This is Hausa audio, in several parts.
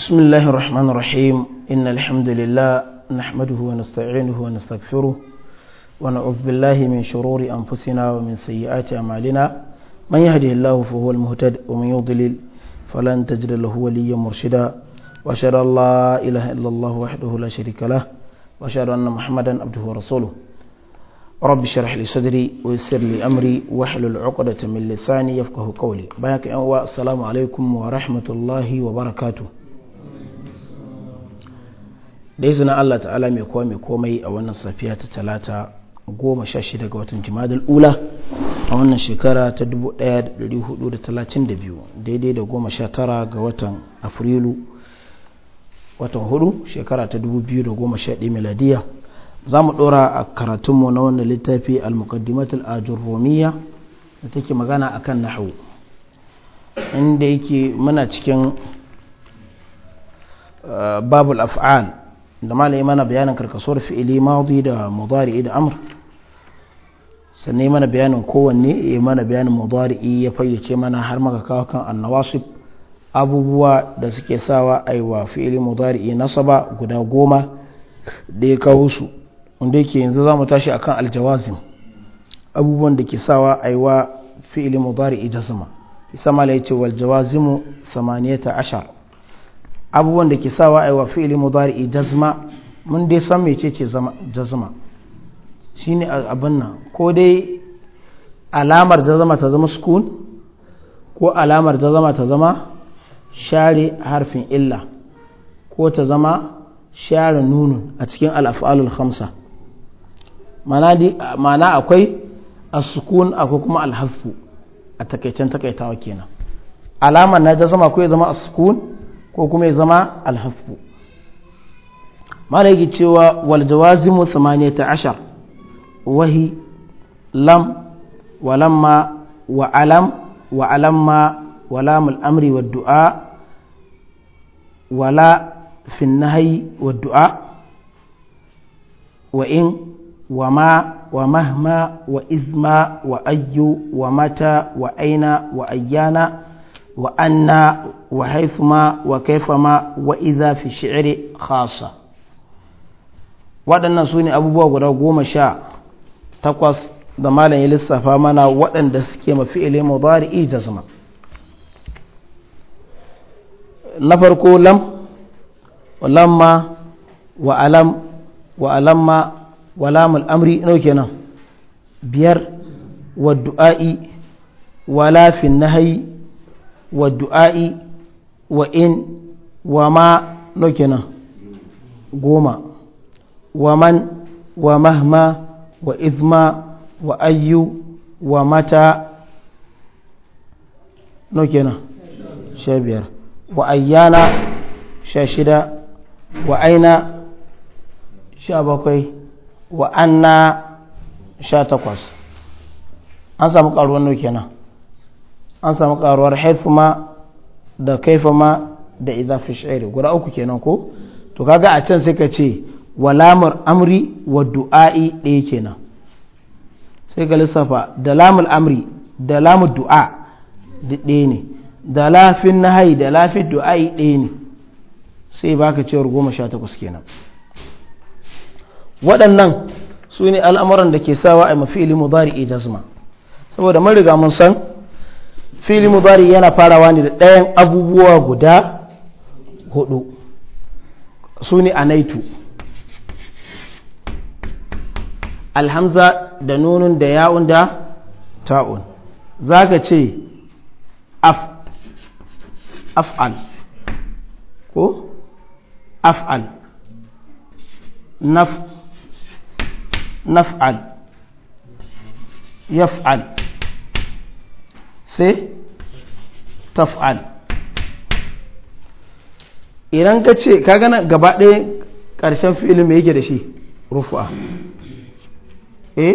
بسم الله الرحمن الرحيم إن الحمد لله نحمده ونستعينه ونستغفره ونعوذ بالله من شرور أنفسنا ومن سيئات أعمالنا من يهده الله فهو المهتد ومن يضلل فلن تجد له وليا مرشدا وأشهد أن لا إله إلا الله وحده لا شريك له وأشهد أن محمدا عبده ورسوله رب اشرح لي صدري ويسر لي أمري واحلل عقدة من لساني يفقه قولي السلام عليكم ورحمة الله وبركاته da izinin Allah ta'ala mai kowa mai komai a wannan safiya ta talata goma sha shida ga watan jimadul ula a wannan shekara ta 1432 daidai da goma sha tara ga watan afrilu watan hudu shekara ta 2011 miladiya za mu dora a karatunmu na wannan littafi al-muqaddimatul ajurrumiya da take magana akan nahu inda yake muna cikin eh, babul af'al da malai mana bayanin karkasuwar fi'ili maudi da mudari da amr sannan mana bayanin kowanne ya mana bayanin mudari ya fayyace mana har maka kawo kan annawasib abubuwa da suke sawa aiwa fi'ili mudari nasaba guda goma da ya kawo su wanda yake yanzu za mu tashi akan aljawazim abubuwan da ke sawa aiwa fi'ili mudari jazma isa malai ce wal jawazimu 18 abubuwan da ke sawa a yi wa fi'ili mudari'i jazma mun dai san mecece jazma shine abin nan ko dai alamar jazma ta zama sukun ko alamar jazma ta zama share harfin illa ko ta zama share nunu a cikin al'af'alul hamsa mana akwai asukun akwai kuma alhafu a takaicen takaitawa kenan alamar na jazma ko ya zama asukun ko kuma ya zama alhafu malaki cewa wal jawazimu 18 wahi lam walamma wa alam wa alamma wa lamul amri wa du'a wala fi nahyi wa du'a wa in wa ma wa mahma wa izma wa ayyu wa mata wa aina wa ayyana وأن وحيثما وكيفما وإذا في الشعر خاصة waɗannan su abubuwa guda goma sha takwas da malam ya lissafa mana waɗanda suke mafi ile mudari jazma na farko lam lamma wa alam wa amri nau biyar wa du'a'i wa lafin nahayi wa du'a'i wa in wa ma no kenan goma wa man wa mahma wa izma wa ayyu wa mata no kenan sha wa ayyana sha shida wa aina sha bakwai wa anna sha takwas an samu karuwan no kenan an samu karuwar haifuma da kaifama da idza fi guda uku kenan ko to kaga a can sai ka ce walamar amri wa du'a'i ɗaya kenan sai ka lissafa da lamul amri da lamul du'a ɗaya ne da lafin nahayi da lafin du'a'i ɗaya ne sai baka cewar goma sha takwas kenan waɗannan su ne al'amuran da ke sawa a mafi ilimu zari'i jazma saboda mariga mun san fili mudari yana farawa ne da ɗayan abubuwa guda hudu su ne anaitu alhamza da nunun da ya'un da ta'un za ka ce af'al ko af'al naf'al yaf'al sai taf'al idan ka ce ka gana gaba ɗaya ƙarshen fi'ilin mai yake da shi rufu'a eh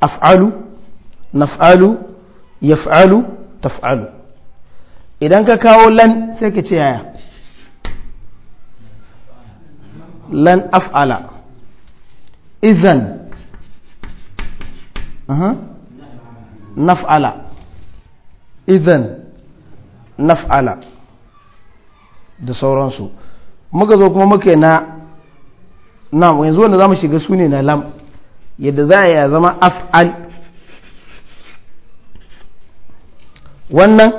af'alu naf'alu yaf'alu taf'alu idan ka kawo lan sai ka ce yaya lan af'ala izan uh -huh. نفعل idan نفعل da sauransu muka zo kuma muka na nam yanzu wanda za mu shiga su ne na lam yadda za a zama af'al wannan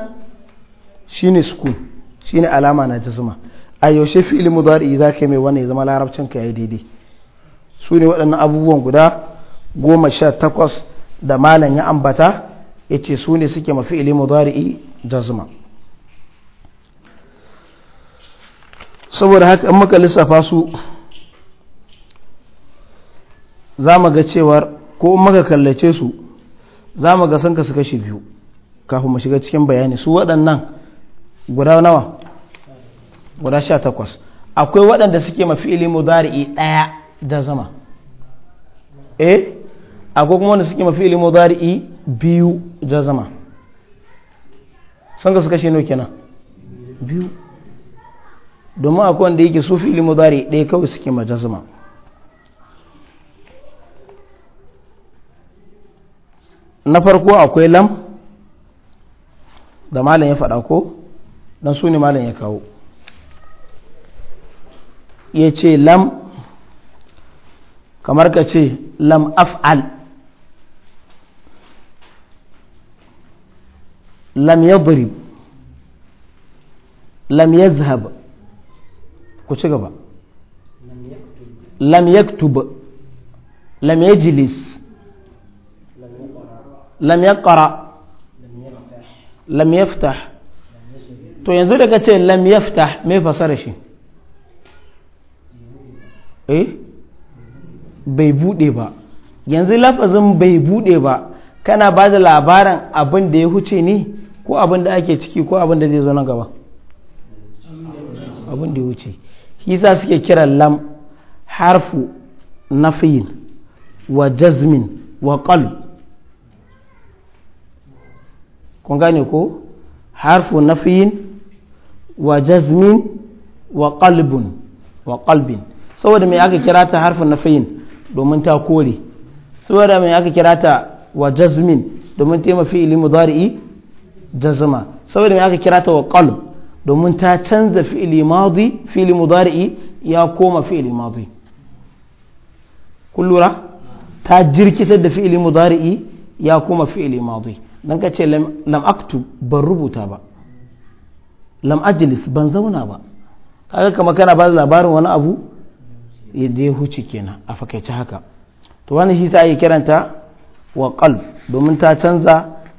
shine sukun shine alama na jazma a yaushe fi'il mudari za ka mai wannan ya zama larabcin ka yayi daidai su ne waɗannan abubuwan guda goma sha takwas da malam ya ambata yace su ne suke mafi ili mudari'i jazma saboda haka in maka lissafa su za ga cewar ko in maka kallace su za mu ga sun su kashi biyu kafin mu shiga cikin bayani su waɗannan guda nawa guda sha takwas akwai waɗanda suke mafi ilimu mudari'i ɗaya jazma eh akwai kuma wanda suke mafi ilimin zari'i biyu jazama sun suka su kashe nau kenan biyu domin akwai wanda yake su fili zari'i ɗaya kawai suke ma jazama na farko akwai lam da malam ya faɗa ko don su ne malam ya kawo ya ce lam kamar ka ce lam af'al lam yadrib lam yazhab ku ci gaba lam yaktub lam yajlis lam yaqra lam yaftah to yanzu daga ce lam yaftah me fasara shi eh bai bude ba yanzu lafazin bai bude ba kana ba da labarin abin da ya huce ne ko abin da ake ciki ko abin da zai zo nan gaba abin da ya wuce shi sa suke kira lam harfu nafiyin wa jazmin wa qalb kun gane ko harfu nafiyin wa jazmin wa qalbun wa qalbin saboda mai aka kira ta harfu nafiyin domin ta kore saboda mai aka kira ta wa jazmin domin taimafi ilimin zari'i jazma saboda me aka kira ta wa qalb domin ta canza fi'ili madi fi'ili mudari'i ya koma fi'ili madi kullura ta jirkitar da fi'ili mudari'i ya koma fi'ili madi dan ka ce lam aktu ban rubuta ba lam ajlis ban zauna ba kaga kamar kana ba labarin wani abu da ya huce kenan a fakaice haka to wani shi sa ake kiranta wa qalb domin ta canza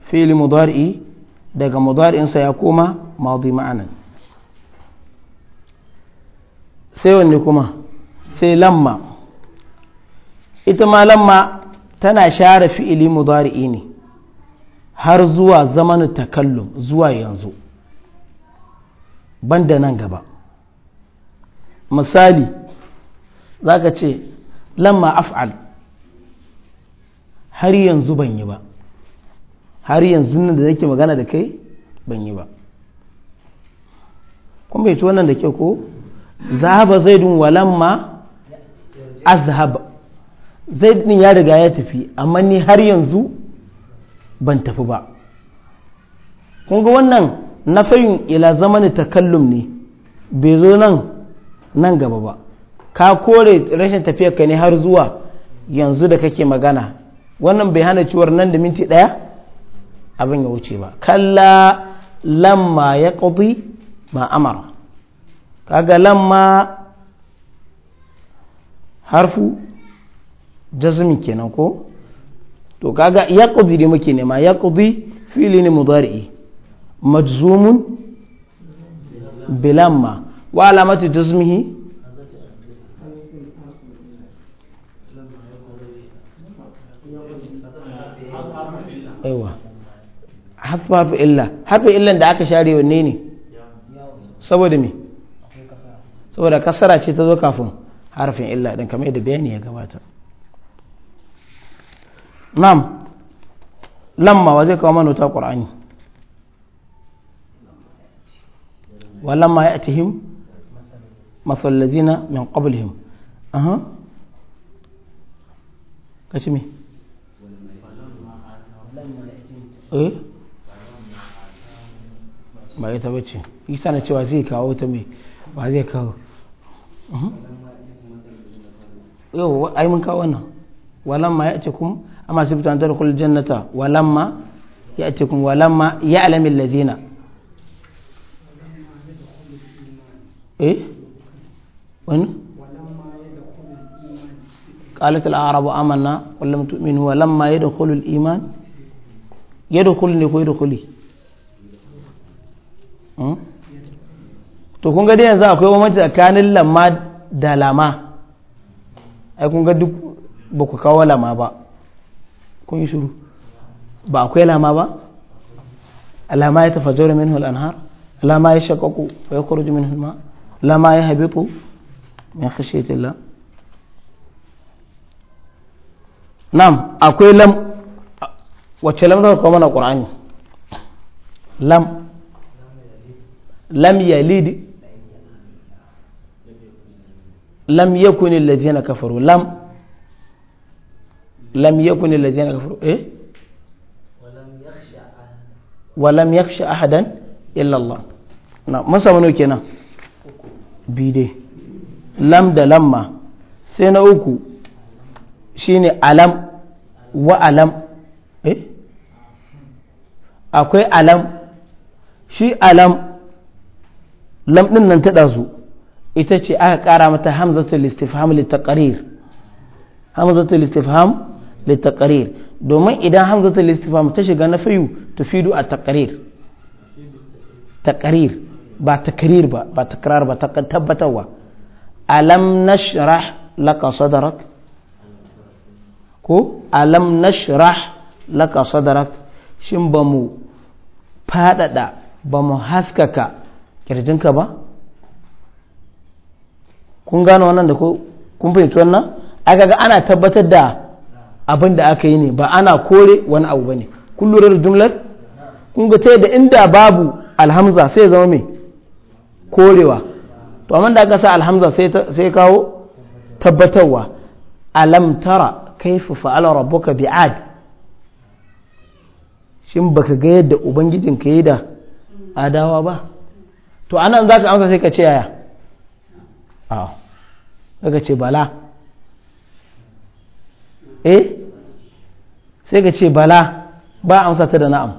fi'il mudari'i daga mudari'insa ya koma madi ma'anan sai wanne kuma sai lamma ita ma lamma tana share fi'ili mudari'i ne har zuwa zamanu takallum zuwa yanzu banda nan gaba misali za ka ce lamma af'al har yanzu ban yi ba har yanzu nan da nake magana da kai ban yi ba kuma bai ci wannan da ke ko zahaba zaidun walamma azhab zaidun ya riga ya tafi amma ni har yanzu ban tafi ba kunga ga wannan fayin ila zamani takallum ne bai zo nan nan gaba ba ka kore rashin tafiyar ka ne har zuwa yanzu da kake magana wannan bai hana ciwar nan da minti ɗaya abin ya wuce ba kalla lamma ya ƙudi ma amara kaga lamma harfu jazmin kenan ko to kaga ya ƙudi ne muke nema ya ƙudi fili ne mudari'i majzumun bilamma wa alamati jazmihi aiwa haffafu illa haffafu illan da aka share wanne ne saboda me saboda kasara ce ta zo kafin harfin illa ɗin kamar yadda bayani ya gabata nam lamma wa zai kawo mana ta ƙur'ani wa lamma ya atihim mafallazina min qablihim aha kashi me eh ba ita ba ce isa na cewa zai kawo ta mai ba zai kawo uhm? yau ai mun kawo wannan walamma ya ce kuma amma sai fitan tara kullu jannata walamma ya ce kuma walamma ya alamin lazina eh wani قالت الأعراب آمنا ولم تؤمنوا ولما يدخل الإيمان يدخل يدخل Hmm? to kun ga yanzu akwai wani tsakanin lamma da lama ai kun ga duk ba ku kawo lama ba kun yi shuru ba akwai lama ba alama ya tafajjara minhu al-anhar alama ya shakaku wa ya minhu minhul ma alama ya habitu min khashyati Allah nam akwai lam wacce lam da kawo qur'ani lam lam yalid lam yakun allazina kafaru lam lam yakun allazina kafaru eh wa lam yakhsha ahadan illa Allah na masa mano kenan bide lam da lamma sai na uku shine alam wa alam eh akwai alam shi alam lam ɗin nan ta ɗazu ita ce aka ƙara mata hamzatul istifham litaqrir hamzatul istifham litaqrir domin idan hamzatul istifham ta shiga na fayu tufidu a taqrir taqrir ba takrir ba ba takrar ba tabbatarwa alam nashrah laka ko alam nashrah laka shin ba mu faɗaɗa ba mu haskaka kirjinka ba kun gano wannan da kun fahimci wannan aka ga ana tabbatar da abin da aka yi ne ba ana kore wani abu ba ne kun lura da jumlar kun ga ta da inda babu alhamza sai zama mai korewa to amma da aka sa alhamza sai kawo tabbatarwa alam tara kaifa fa'ala rabbuka bi'ad shin baka ga yadda ubangijinka yi da adawa ba to ana za ka amsa sai ka ce yaya a ka ce bala eh sai ka ce bala ba amsa ta da na'am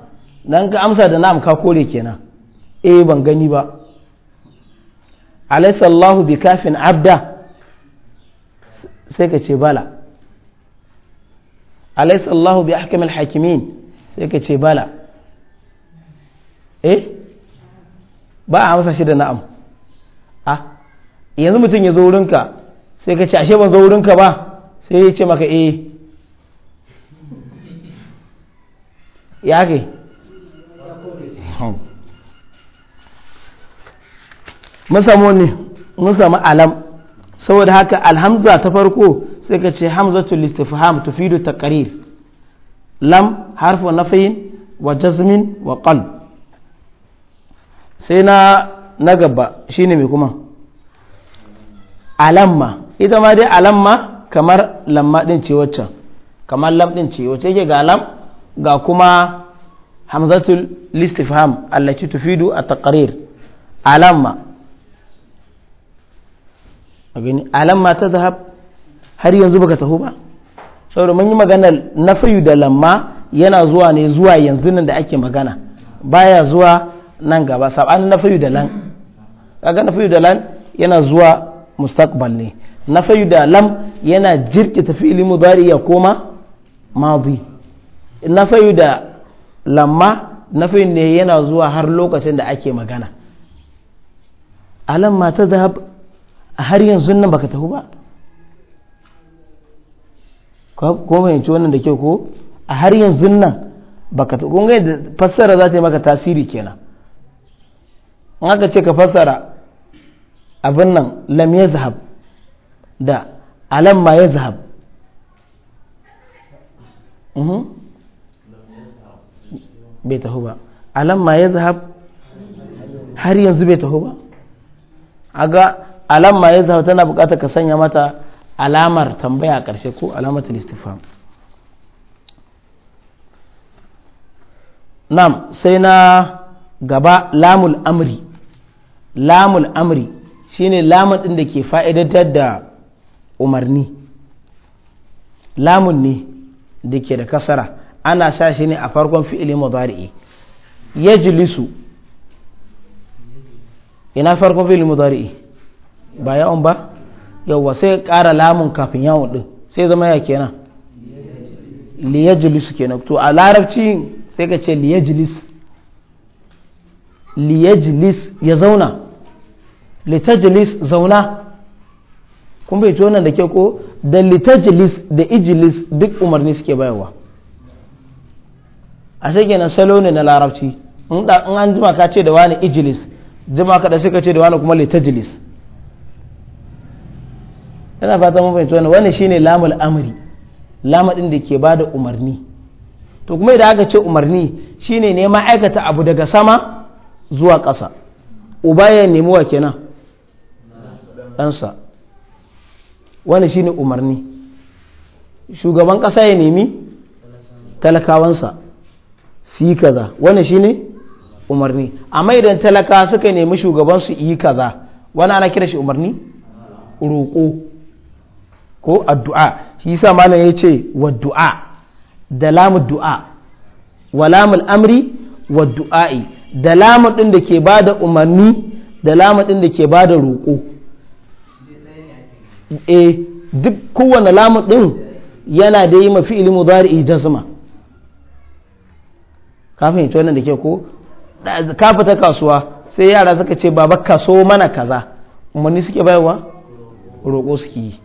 dan ka amsa da na'am ka kore kenan eh ban gani ba alaysa Allahu bi kafin abda sai ka ce bala alaysa Allahu bi ahkamil hakimin sai ka ce bala eh ba a masa shi da na'am a ah, yanzu mutum ya zo wurinka sai ka ce ashe ban zo wurinka ba sai ya ce maka eh ya ke mun samu ne mun samu alam saboda haka alhamza ta farko sai ka ce hamzatul istifham tufidu taqrir lam harfu fahim wa jazmin wa qalb sai na na gaba shine mai kuma alamma ita ma dai alamma kamar lamma din ce waccan kamar lam din ce wacce yake ga alam ga kuma hamzatul listifham allati tufidu at-taqrir alamma gani alamma ta zahab har yanzu baka taho ba saboda mun yi magana na fayu da lamma yana zuwa ne zuwa yanzu nan da ake magana baya zuwa nan gaba sabanin na fayu da lan kaga na fayu da lan yana zuwa mustaqbal ne na fayu da lam yana jirki tafi fi'ili mudari ya koma madi na fayu da lamma na fayu ne yana zuwa har lokacin da ake magana alam ma ta zahab a har yanzu nan baka tafi ba ko fahimci wannan da kyau ko a har yanzu nan baka tafi kun ga fassara za ta yi maka tasiri kenan in aka ce ka fassara abin nan lam ya zahab da alam ma ya zahab mhm. bai taho ba alam ma ya zahab har yanzu bai taho ba a ga alam ma ya zahab tana bukatar ka sanya mata alamar tambaya a ƙarshe ko alamar talistifam nam sai na gaba lamul amri lamul amri shine lamun din da ke fa'idatar da umarni lamun ne da ke da kasara ana sha shi ne a farkon fi'ili mudari'i jilisu ina farkon fi'ili mudari'i ba yawon ba yawwa sai ƙara lamun kafin yawon din sai zama ya kenan liyajlisu kenan to a larabci sai ka ce liyajlis liyajlis ya zauna litajlis zauna kun bai ci da ke ko da litajlis da ijlis duk umarni suke bayarwa a shi nan salo ne na larabci in an jima ka ce da wani ijlis jima ka da suka ce da wani kuma litajlis yana fata mun fahimci wannan wannan shine lamul amri lamadin da ke bada umarni to kuma idan aka ce umarni shine ne aikata abu daga sama zuwa ƙasa uba ya nemi wa kenan ɗansa wani shi ne umarni shugaban ƙasa ya nemi talakawansa su yi kaza wani shi ne? umarni amma idan talaka suka nemi shugabansu yi kaza wani ana kira shi umarni roƙo ko addu'a shi yasa malam ya ce wa du'a da lamu du'a wa lamun amri wa du'a'i da lamun ɗin da ke ba da umarni da lamun ɗin da ke ba da roƙo e duk kowane lamun ɗin yana da yi mafi ilimu zari'i jazma ka fahimci wannan da ke ko ka fita kasuwa sai yara suka ce baba kaso mana kaza umarni suke bayarwa roƙo suke yi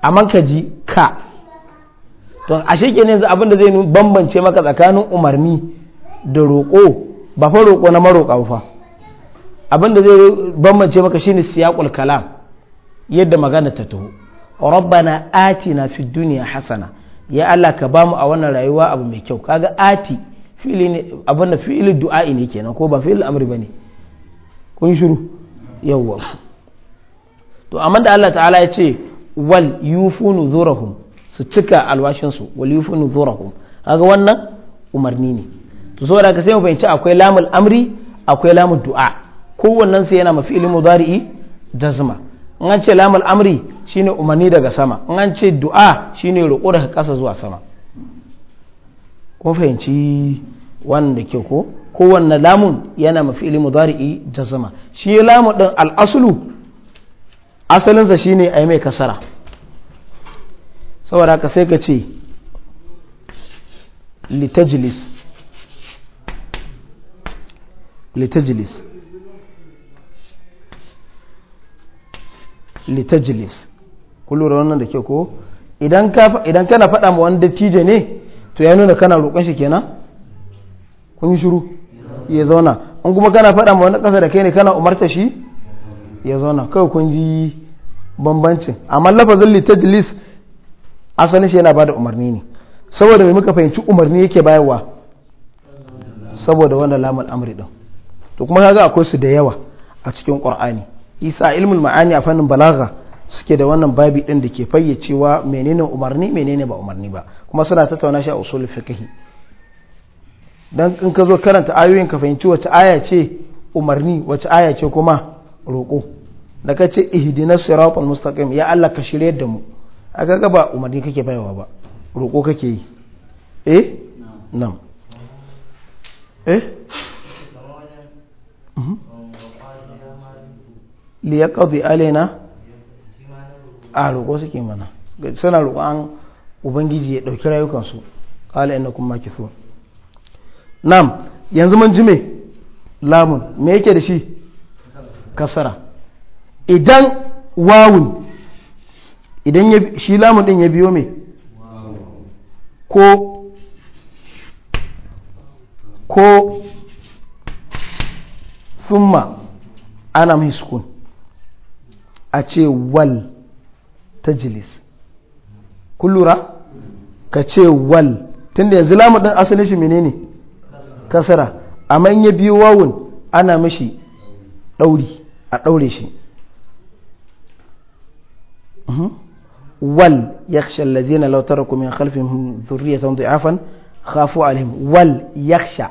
amma ka ji ka to ashe kenan yanzu abin da zai bambance maka tsakanin umarni da roƙo ba fa roƙo na maroƙa ba abinda zai bambance maka shine siyaqul kalam yadda magana ta taho rabbana atina fi dunya hasana ya Allah ka bamu a wannan rayuwa abu mai kyau kaga ati fi'li ne abin da du'a'i ne kenan ko ba fi'li amri bane kun shiru yawwa to amma da Allah ta'ala ya ce wal yufunu zurahum su cika alwashin su wal yufunu zurahum kaga wannan umarni ne to saboda ka sai mu fahimci akwai lamul amri akwai lamul du'a kowannen sai yana mafi ilimin mudari'i jazma in an ce lamul amri shine umarni daga sama in an ce du'a shine roƙo daga ƙasa zuwa sama ko fahimci wannan da ke ko kowanne lamun yana mafi ilimin mudari'i jazma shi lamun din al'asulu asalinsa shine a yi mai kasara saboda ka sai ka ce litajlis litajlis litajlis kun lura wannan da ke ko idan kana faɗa ma wani dattijo ne to ya nuna kana roƙon shi kenan kun yi shiru ya zauna in kuma kana faɗa ma wani ƙasa da kai ne kana umarta shi ya zauna kawai kun ji bambancin amma lafazin litajlis asalin shi yana bada umarni ne saboda mai muka fahimci umarni yake bayarwa saboda wannan lamal amri din to kuma kaga akwai su da yawa a cikin qur'ani isa ilmul ma'ani a fannin balagha suke da wannan babi din da ke fayyacewa menene umarni menene ba umarni ba kuma suna tattauna shi a usul fiqh dan in ka zo karanta ayoyin ka fahimci wace aya ce umarni wace aya ce kuma roƙo da ka ce ihdinas siratal mustaqim ya Allah ka shirye da mu aka ga ba umarni kake baiwa ba roƙo kake yi eh na'am eh liyaqdi alaina a roƙo suke mana suna roƙo an ubangiji ya ɗauki rayukansu ƙala ina kuma maki so nam yanzu mun jime lamun me yake da shi kasara idan wawun idan shi lamun ɗin ya biyo me ko ko thumma ana mai sukun a ce wal tajlis kun lura ka ce wal tunda yanzu lamu din asalin shi menene kasara amma in ya biyo wawun ana mashi ɗauri a ɗaure shi mhm. wal yakhsha alladhina law taraku min khalfihim dhurriyatan afan khafu alaihim wal yakhsha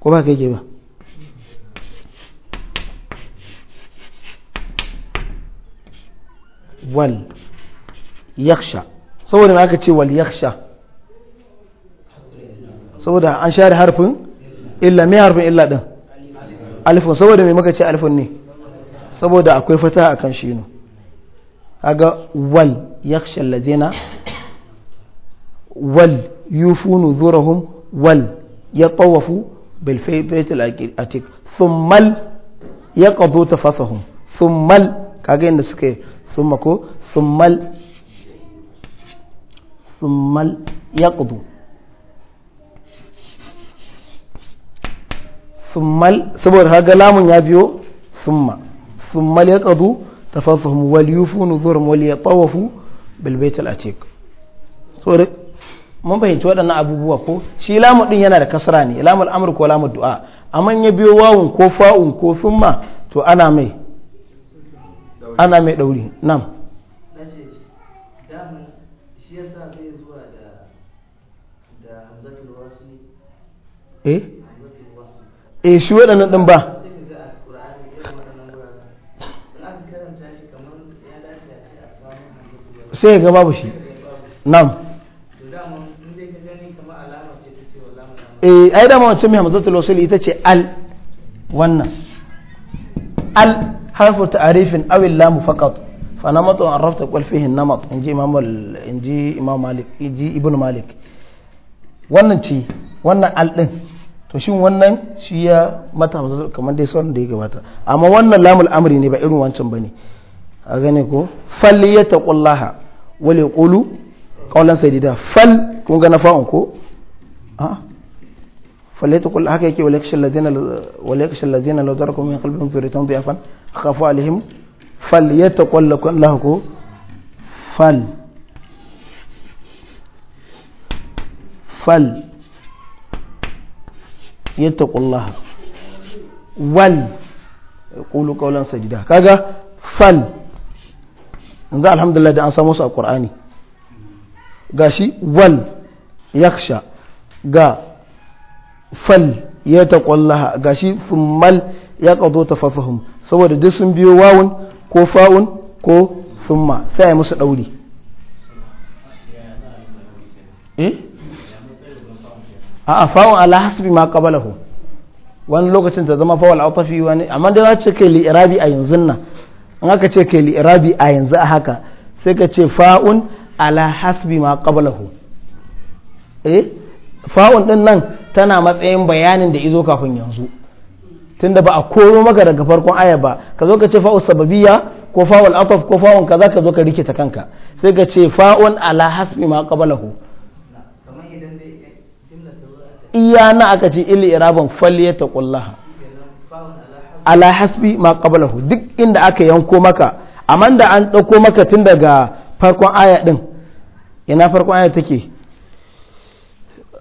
ko ba kai ke ba wal yaksha saboda aka ce wal yaksha saboda an share harfin illa mai harfin illa din alifin saboda mai maka ce alifin ne saboda akwai fata a kan shino aga wal yaksha lazina wal yufunu zurahun wal ya tsawafu bilfaitul atik thummal ya ƙazo ta fasahun thummal kaga inda suka yi summa ko summal summal ثم summal saboda ثم lamun ya biyo summa summal yaqdu ثم wal yufu تفضهم wal yatawafu bil baitil atiq saboda mun fahimci waɗannan abubuwa ko shi lamu yana da kasra ne lamul amr ko du'a amma ya biyo wawun ko fa'un ko summa to ana mai ana mai ɗauri nan eh eh shi waɗannan ɗin ba sai ga babu shi nan eh ai da wancan mai hamzatul wasl ita ce al wannan al harfu ta'arifin aw lam faqat fa namatu an rafta qul fihi namat inji imam inji imam malik inji ibnu malik wannan ce wannan al din to shin wannan shi ya mata kamar dai son da ya gabata amma wannan lamul amri ne ba irin wancan bane a gane ko fal yataqullaha wal yaqulu qawlan sayyida fal kun ga na fa'un ko a فليت كل هكا يكي وليخشى الذين وليخشى الذين لو تركوا من قلبهم في ذرية ضيافا خافوا عليهم فليت كل لكم له فل فل يتق الله ول يقول قولا سجدا كذا فل yanzu alhamdulillah da an samu su a ƙur'ani ga shi wal ga fal ya taƙwallaha shi summal ya ƙazo ta fasahum saboda duk sun biyo wawun ko fa'un ko summa, sai a yi musu ɗauri eh? a fa'un ala hasbi ma qabalahu wani lokacin ta zama fa'ul atafi wani amma dai za ce kai li'irabi a yanzu nan in aka ce kai li'irabi a yanzu a haka sai ka ce fa'un ala hasbi ma qabalahu eh fa'un din nan tana matsayin bayanin da izo kafin yanzu tunda ba a koro maka daga farkon aya ba ka zo ka ce fa'u sababiyya ko fa'ul ataf ko fa'un kaza ka zo ka rikita kanka sai ka ce fa'un ala hasbi ma qablahu iya na aka ce illi iraban falyataqullaha ala hasbi ma qablahu duk inda aka yanko maka amma da an dauko maka tun daga farkon aya din ina farkon aya take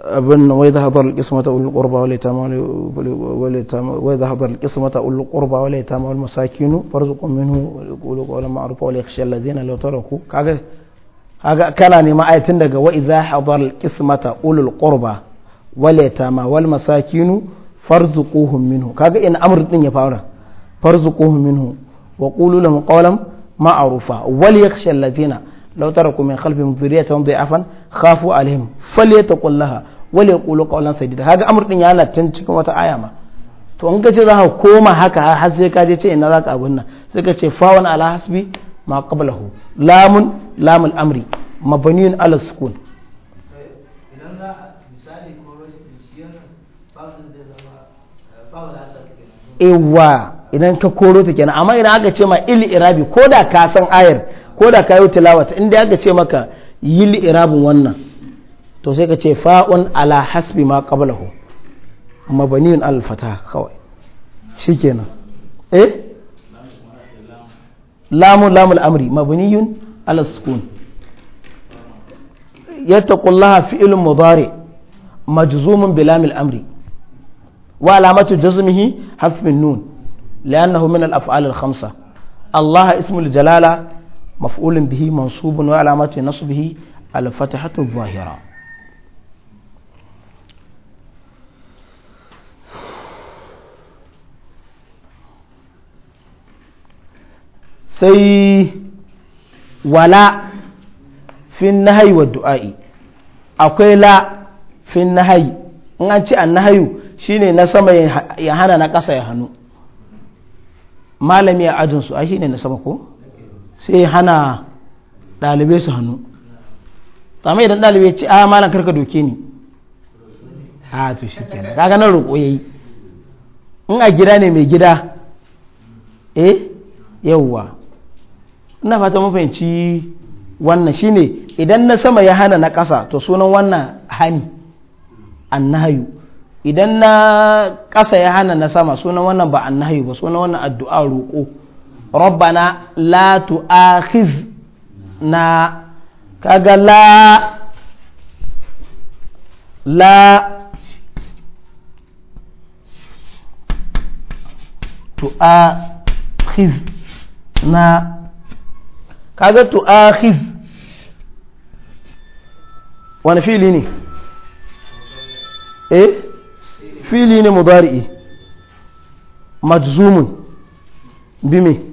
abin wai za hadar alƙismata ulul qurba wale ta wal yatama wai za hadar alƙismata ulul qurba wale yatama wal masakinu farzuqu minhu qulu qawlan ma'rufa wal yakhsha alladhina law taraku kaga kaga kana ne ma'ayatin daga wai wa idza hadar alqismata ulul qurba wal yatama wal masakinu farzuquhum minu kaga in amr din ya fara farzu farzuquhum minu wa qulu lahum qawlan ma'rufa wal yakhsha alladhina لو تركوا min khalfihim dhurriyatan dha'afan khafu alaihim falyataqul laha wa yaqulu qawlan sadida kaga amr din ya latin cikin wata to in ka ce za ka koma haka har sai ka je ce ina za ka abun nan sai ka ce fawan ala hasbi ma qablahu lamun lamul amri mabniyun ala sukun ewa idan ka koro ta kenan amma idan aka ce ma il irabi ko da ka san ayar ko da ka kayo tilawata inda aka ce maka yi li'irabin wannan to sai ka ce fa'un ala hasbi ma qablahu amma baniyun al-fataha kawai Shi kenan eh lamu Lamu lamul amri alaskun. ala sukun yattaqullaha fi'l mudari majzumun bi lamil amri wa alamatu hafi hafmin nun لأنه من الأفعال الخمسة Allah ismul jalala. مفعول به منصوب وعلامة نصبه الفتحة الظاهرة sai wala fin nahayi wa du'a'i akwai la fin nahayi in an ce an nahayu shine na sama ya hana na ƙasa ya hannu malami a ajinsu a shine na sama ko sai hana ɗalibai su hannu amma idan ɗalibai ci a ah, malam karka doke ni a to shi kenan kaga nan roƙo yayi in a gida ne mai gida eh yawwa ina fata mun fahimci wannan shine idan na sama ya hana na ƙasa to sunan wannan hani annahayu idan na ƙasa ya hana na sama sunan wannan ba annahayu ba sunan wannan addu'a roƙo rabbana la tu'akhizna kaga la la tu'akhizna kaga tu'akhiz wani fili ne eh fili ne mudari'i majzumun bime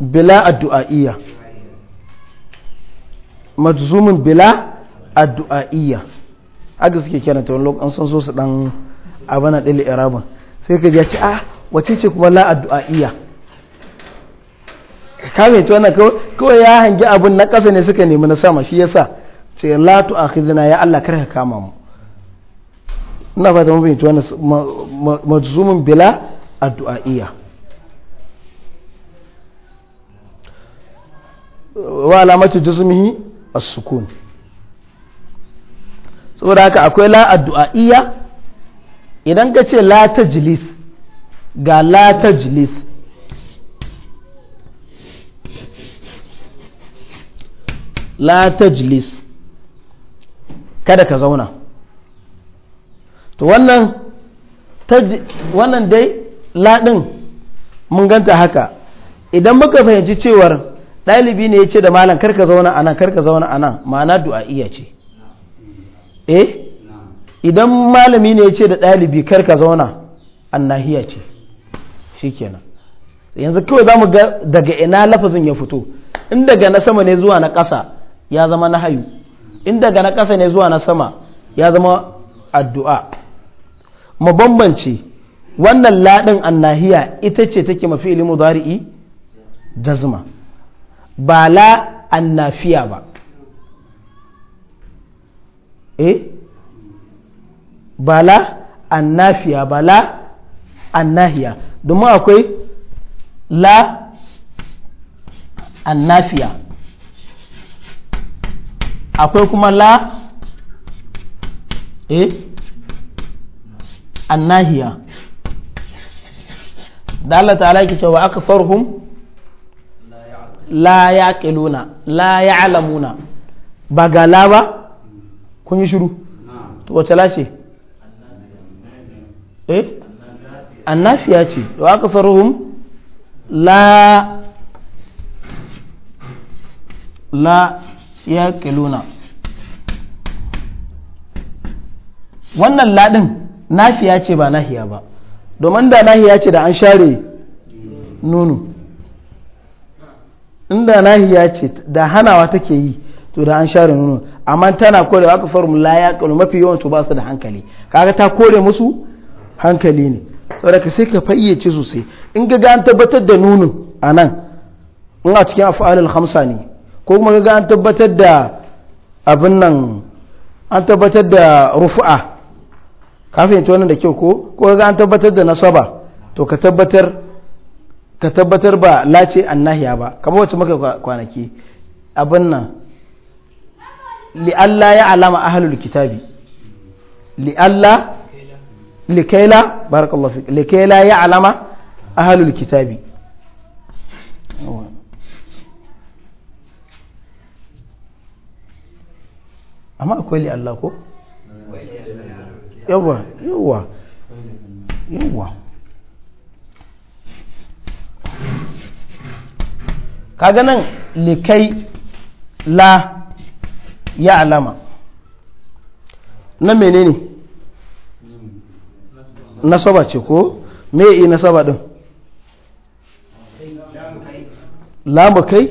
bila addu'a'iyya majzumin bila addu'a'iyya haka suke kyanar ta wani lokacin sun so su dan abana ɗin irabin sai ka ci a ah, wace ce kuma la addu'a'iyya kamar ta wannan kawai ya hangi abin na ƙasa ne suka nemi na sama shi yasa ce la tu'akhidna ya Allah kar ka kama mu ina fata mun fahimci wannan majzumin bila addu'a'iyya wa alamatu jismihi as-sukun saboda haka akwai la iya idan ka ce la tajlis ga la tajlis la tajlis kada ka zauna to wannan wannan dai la din mun ganta haka idan muka fahimci cewar ɗalibi ne ya ce da malam karka zauna anan karka zauna anan ma'ana du'a'iyya ce eh idan malami ne ya ce da ɗalibi karka zauna annahiya ce shikenan yanzu kawai za mu ga daga ina lafazin ya fito in daga na sama ne zuwa na ƙasa ya zama na hayu in daga na ƙasa ne zuwa na sama ya zama addu'a mu bambance wannan laɗin annahiya ita ce take mafi ilimu zari'i jazma ba la annafiya ba eh ba la annafiya ba la annahiya domin akwai la annafiya akwai kuma la eh annahiya da Allah ta'ala yake cewa aka farhum la ƙiluna la alamuna ba ga la ba kun yi shiru to wace la ce eh annafiya ce da aka faruhun la la ƙiluna wannan ladin nafiya ce ba nahiya ba domin da nahiya ce da an share nono inda nahiya ce da hanawa take yi to da an share nuno amma tana kore aka farmu la ya kalu mafi yawan to ba su da hankali kaga ta kore musu hankali ne saboda ka sai ka su sosai in ga an tabbatar da nuno anan nan in a cikin af'alul hamsa ne ko kuma ga an tabbatar da abin nan an tabbatar da rufu'a ka fahimci wannan da kyau ko ko ga an tabbatar da nasaba to ka tabbatar ka tabbatar ba lace nahiya ba kamar wacce muka kwanaki abin nan li'alla ya alama ahalul kitabi li'alla likaila barakallahu fi likaila ya alama ahalul kitabi amma akwai li'alla ko yawa yawa yawa kaga nan likai la ya alama nan menene nasaba ce ko me yi nasaba din lamu kai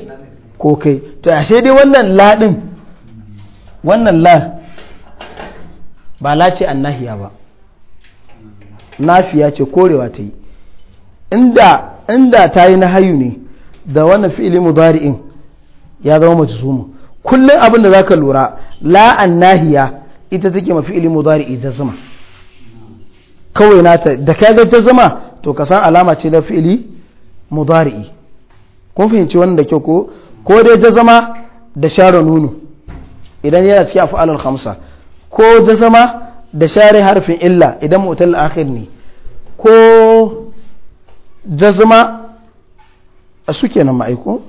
ko kai to ashe dai wannan la din wannan la ba la ce annahiya ba nafiya ce korewa ta yi inda inda ta yi na hayu ne da wannan fi'ili mudari'in ya zama majzumu kullum abin da za ka lura la'an nahiya ita take ma fi'ili mudari'i jazma kawai nata da ka ga jazma to ka san alama ce na fi'ili mudari'i kun fahimci wannan da kyau ko ko dai jazama da share nunu idan yana cikin af'alul khamsa ko jazma da share harfin illa idan mu'tal akhir ne ko jazma suke nan ma'aiko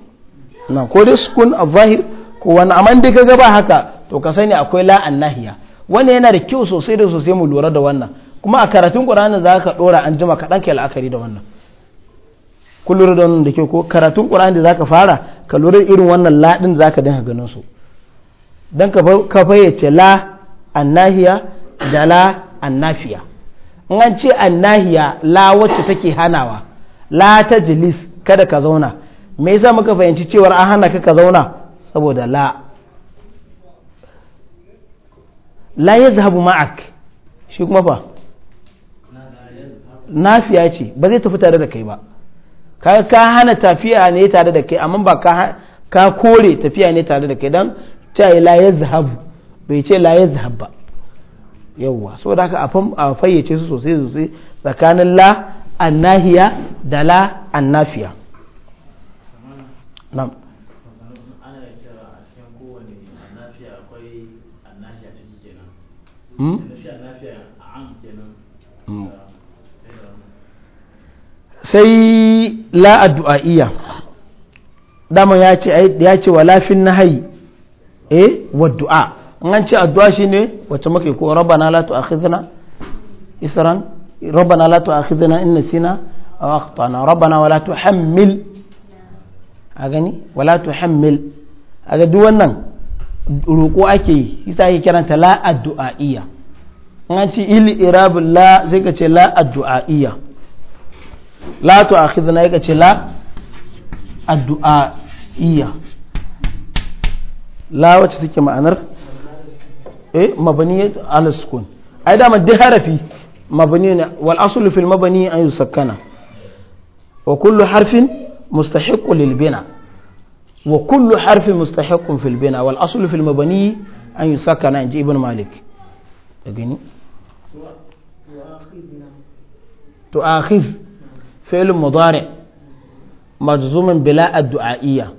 na ko dai sukun a zahir ko wani amma dai kaga ba haka to ka sani akwai la nahiya wannan yana da kyau sosai da sosai mu lura da wannan kuma a karatun qur'ani za ka dora an jima kaɗan kai la'akari da wannan ku lura da wannan da kyau ko karatun qur'ani da zaka fara ka lura irin wannan la'ɗin din zaka dinga ganin su don ka fayyace la annahiya da la annafiya in an ce annahiya la wacce take hanawa la ta jilis kada ka zauna me yasa muka fahimci cewar an hana ka ka zauna saboda la la zahabu ma'ak shi kuma fa nafiya ce ba zai tafi tare da kai ba ka ka hana tafiya ne tare da kai amma ba ka ka kore tafiya ne tare da kai dan ta la zahabu bai ce la zahab ba yawwa saboda haka a fayyace su sosai sosai tsakanin la annahiya da la annafiya sai la addu'a'iyya dama ya ce ya ce wa lafin hai eh wa du'a an ce addu'a shine wacce muke ko rabbana la tu'akhidhna isran ربنا لا تؤاخذنا إن نسينا أو أخطأنا ربنا ولا تحمل أغني ولا تحمل أغا دو wannan roƙo ake yi isa ake kiranta la addu'a'iyya in an ci il la sai ka la addu'a'iyya la tu'akhidna ka ce la addu'a'iyya la wacce take ma'anar eh mabaniyat al sukun ai da duk harafi مبني والأصل في المبني أن يسكن وكل حرف مستحق للبناء وكل حرف مستحق في البناء والأصل في المبني أن يسكن عند ابن مالك أجني تؤاخذ فعل مضارع مجزوم بلا الدعائية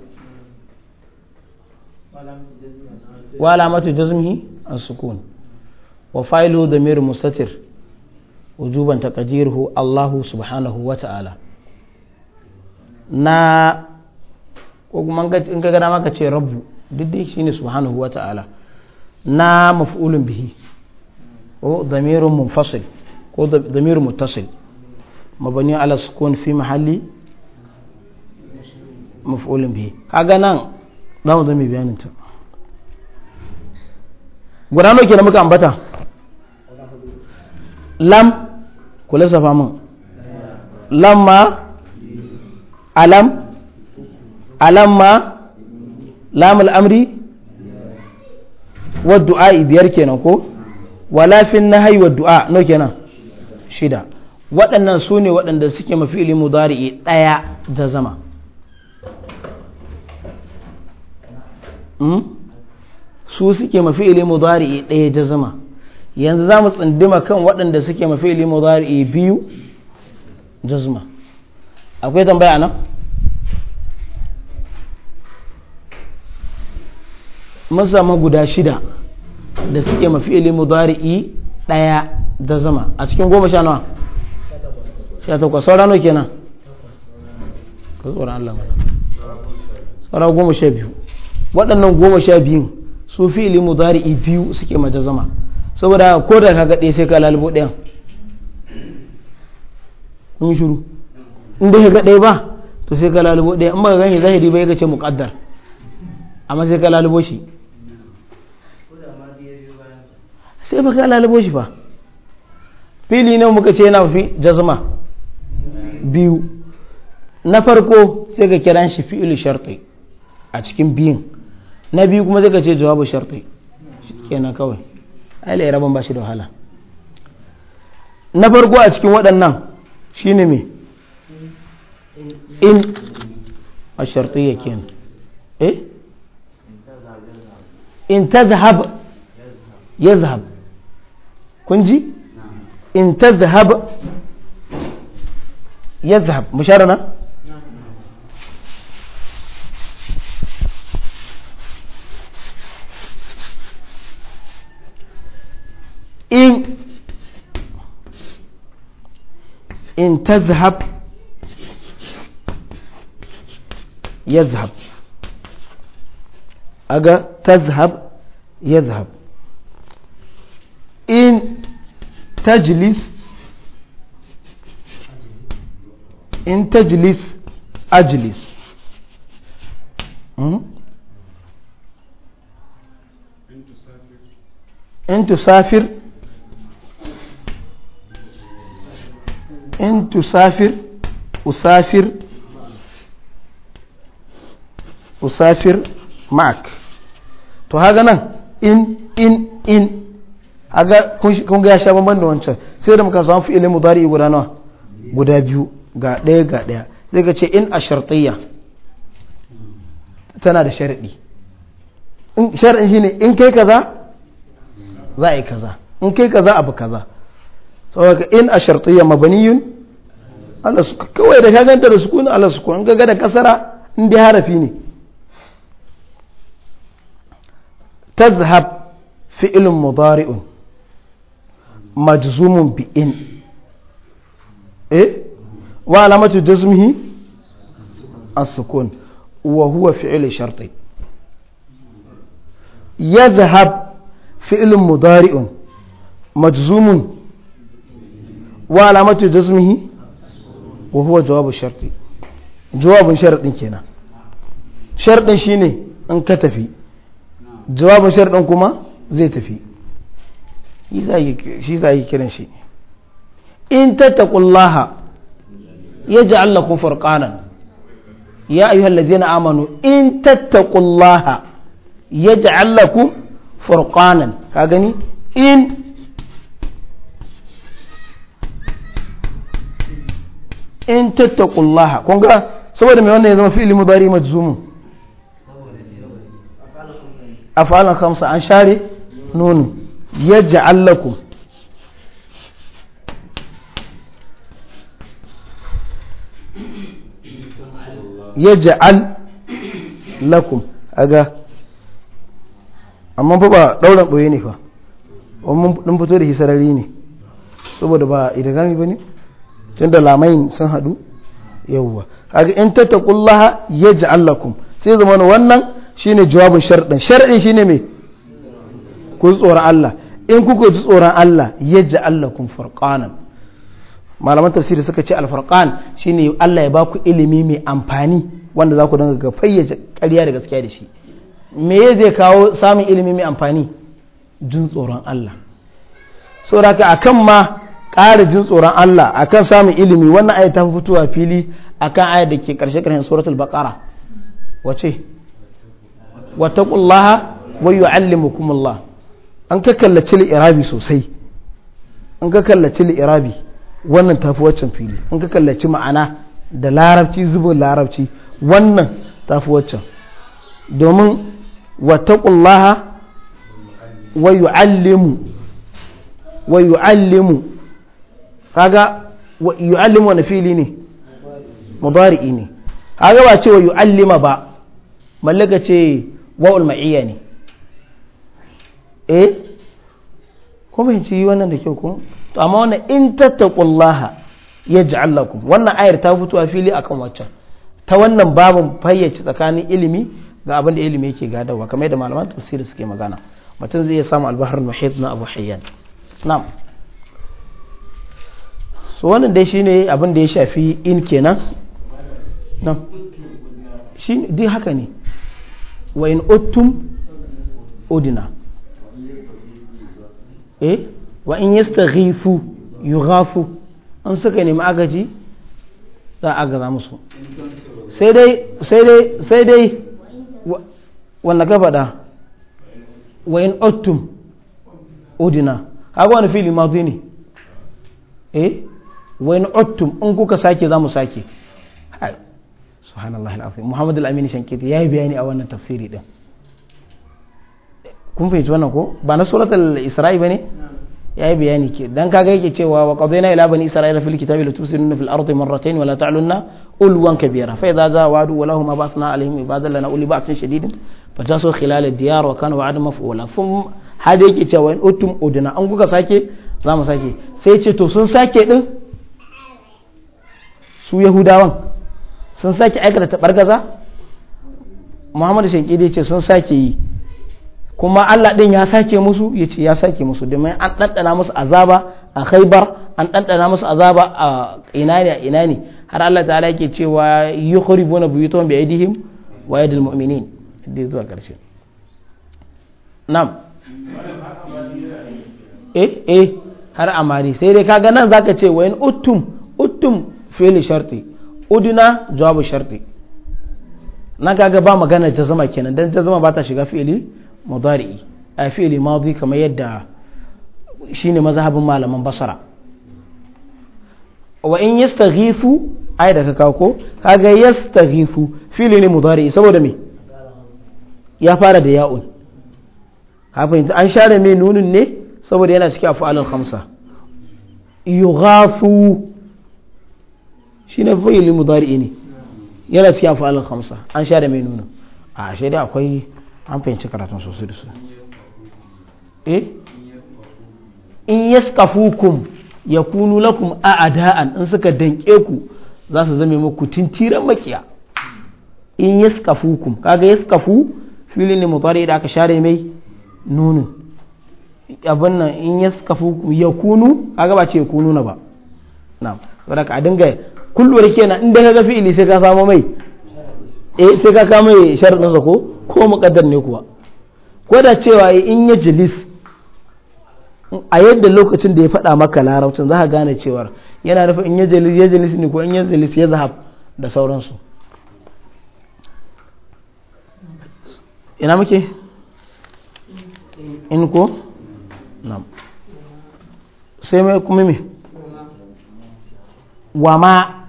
وعلامة جزمه السكون وفاعله ضمير مستتر wujuban taqdiruhu Allahu subhanahu wa ta'ala na ko kuma in ka gana maka ce rabbu duk dai shine subhanahu wa ta'ala na maf'ulun bihi ko damirun munfasil ko damirun muttasil mabani ala sukun fi mahalli maf'ulun bihi kaga nan na mu zama bayanin ta guda nawa na muka ambata lam ku lissafa min lamma alam alamma lamul amri wa du'a biyar kenan ko wala fin nahyi wa du'a no kenan shida waɗannan su ne waɗanda suke mafi ilimu dari'i ɗaya da zama hmm? su suke mafi ilimu dari'i ɗaya da zama yanzu za mu tsindima kan waɗanda suke mafili mudari biyu jazma akwai tambaya nan mun guda shida da suke mafili mudari ɗaya jazma a cikin goma sha nawa sha takwas sauran nawa nan? ka tsoron Allah mana sauran goma sha biyu waɗannan goma sha biyu su zari mudari biyu suke majazama saboda ko da ka gaɗe sai ka lalubo ɗaya kun yi shuru in da ka gaɗe ba to sai ka lalubo ɗaya in ba ka gani zahiri ba ya ga ce muƙaddar amma sai ka lalubo shi sai ba ka lalubo shi ba fili ne muka ce yana fi jazma biyu na farko sai ka kiran shi fi'il sharti a cikin biyun na biyu kuma sai ka ce jawabu sharti kenan kawai ai la'irabin ba shi da wahala na farko a cikin waɗannan shine me in a shartiyya kenan eh in ya zahab kun ji in ta zahab ya zahab musharana in in tdhab yadhab aga tdhab yadhab in tajlis in tajlis ajlis hmm? in tusafir in tusafir usafir usafir ma'ak to haga nan in in in haga kun ga ya sha bamban da wancan sai da muka samu fi'ilin mudari guda nawa guda biyu ga ɗaya ga ɗaya sai ka ce in a shartiyya tana da sharaɗi sharaɗin shine in kai kaza za a yi kaza in kai kaza abu kaza saboda in a shartiyya mabaniyun Allah su kawai da kaganta da sukuni Allah su kun ga da kasara in dai harafi ne tazhab fi'lun mudari'un majzumun bi in eh wa alamatu jazmihi as-sukun wa huwa fi'l sharti yadhhab fi'lun mudari'un majzumun wa alamatu jazmihi wa huwa jawabu sharti jawabun sharadin kenan sharadin shine in ka tafi jawabun sharadin kuma zai tafi shi za a yi kiran shi in tattaqullaha yaj'al lakum furqanan ya ayyuhal ladzina amanu in tattaqullaha yaj'al lakum furqanan ka gani in in tattaqullaha kun ga saboda mai wannan ya zama fi'il mudari majzumu af'alan khamsa an share nun yaj'al lakum yaj'al lakum aga amma fa ba dauran boye ne fa wannan mun fito da shi sarari ne saboda ba idagami bane tunda lamain sun haɗu yawwa kaga in ta taqullaha yaj'al lakum sai zaman wannan shine jawabin sharɗin sharɗin shine me ku tsoron Allah in kuka ji tsoron Allah yaj'al lakum furqanan malaman tafsiri suka ce alfarqan shine Allah ya ba ku ilimi mai amfani wanda za ku dinga ga fayyace ƙarya da gaskiya da shi me zai kawo samun ilimi mai amfani jin tsoron Allah saboda akan ma ƙara jin tsoron Allah akan samun ilimi wannan ayat tafi fitowa fili akan ayat da ke ƙarshe karshen suratul baqara wace wattaqullaha wa yu'allimukumullah an ka kallaci irabi sosai an ka kallaci irabi wannan tafi waccan fili an ka kallaci ma'ana da larabci zubin larabci wannan tafi waccan domin wattaqullaha wa yu'allimu wa yu'allimu kaga yu'allimu wani fili ne mudari'i ne kaga ba cewa yu'allima ba mallaka ce wa'ul ma'iyya ne eh ko fahimci yi wannan da kyau ko to amma wannan in tattaqullaha yaj'al lakum wannan ayar ta fito a fili akan waccan ta wannan babin fayyace tsakanin ilimi ga abin da ilimi yake gadawa kamar yadda malaman tafsiri suke magana mutum zai iya samu albahar muhit na abu hayyan na'am so wannan dai shine abin da ya shafi in kenan nan shi dai haka ne wa in ottum odina eh wa in yastaghifu yughafu an suka nemi agaji za a gaza musu sai dai sai dai sai dai wannan ka faɗa wa in ottum odina kaga wani fili madi ne eh wani ottum in kuka sake za mu sake subhanallah al'afim muhammad al'amini shankiti ya yi bayani a wannan tafsiri din kun fahimci wannan ko ba na suratul isra'i ba ne ya yi bayani ke dan kaga yake cewa wa qadayna ila bani isra'ila fil kitabi latusirunna fil ardi marratayn wa la ta'lunna ulwan kabira fa idza za wa'du wa lahum ba'athna alaihim ibadan lana uli ba'sin shadidin fatasu khilal ad-diyar wa kana wa'dan maf'ula fum hada yake cewa in utum udna an kuka sake za mu sake sai ce to sun sake din su yahudawan sun sake aikata ta bargaza muhammadu shankidi ce sun sake yi kuma allah ɗin ya sake musu ya ce ya sake musu domin an ɗanɗana musu azaba a khaibar an ɗanɗana musu azaba a ina ne a ina ne har allah ta'ala yake cewa yi bu buyutuhum bi aidihim wa yadil mu'minin dai zuwa ƙarshe nam eh eh har amari sai dai kaga nan zaka ce wa in uttum fi'il sharti udina jawabu sharti na kaga ba magana jazama kenan dan jazama ba ta shiga fi'ili mudari a fi'ili madi kamar yadda shine mazhabin malaman basara wa in yastaghifu ai da ka ka ko kaga yastaghifu fi'ili ne mudari saboda me ya fara da ya'un kafin an share mai nunin ne saboda yana cikin af'alul khamsa yughafu shi na fa'ili mudari ne yana siya fa'alin hamsa an sha da mai nuna a shaida akwai an fahimci karatun sosai da su eh in yaskafukum yakunu lakum a'da'an in suka danke ku za su zame muku tintiran makiya in yaskafukum kaga yaskafu filin ne mutare da aka share mai nunu abin nan in yaskafukum yakunu kaga ba ce yakunu na ba na saboda ka dinga kun kenan inda ka ga fi'ili sai ka samu mai eh sai ka kama mai sharadin sa ko ko muqaddar ne kuwa ko da cewa eh, in ya jilis a yadda lokacin da ya faɗa maka larabcin za ka gane cewar yana nufin in ya jilis ya jilis ne ko in ya jilis ya zahab da sauransu ina muke in ko na'am sai mai kuma me ma.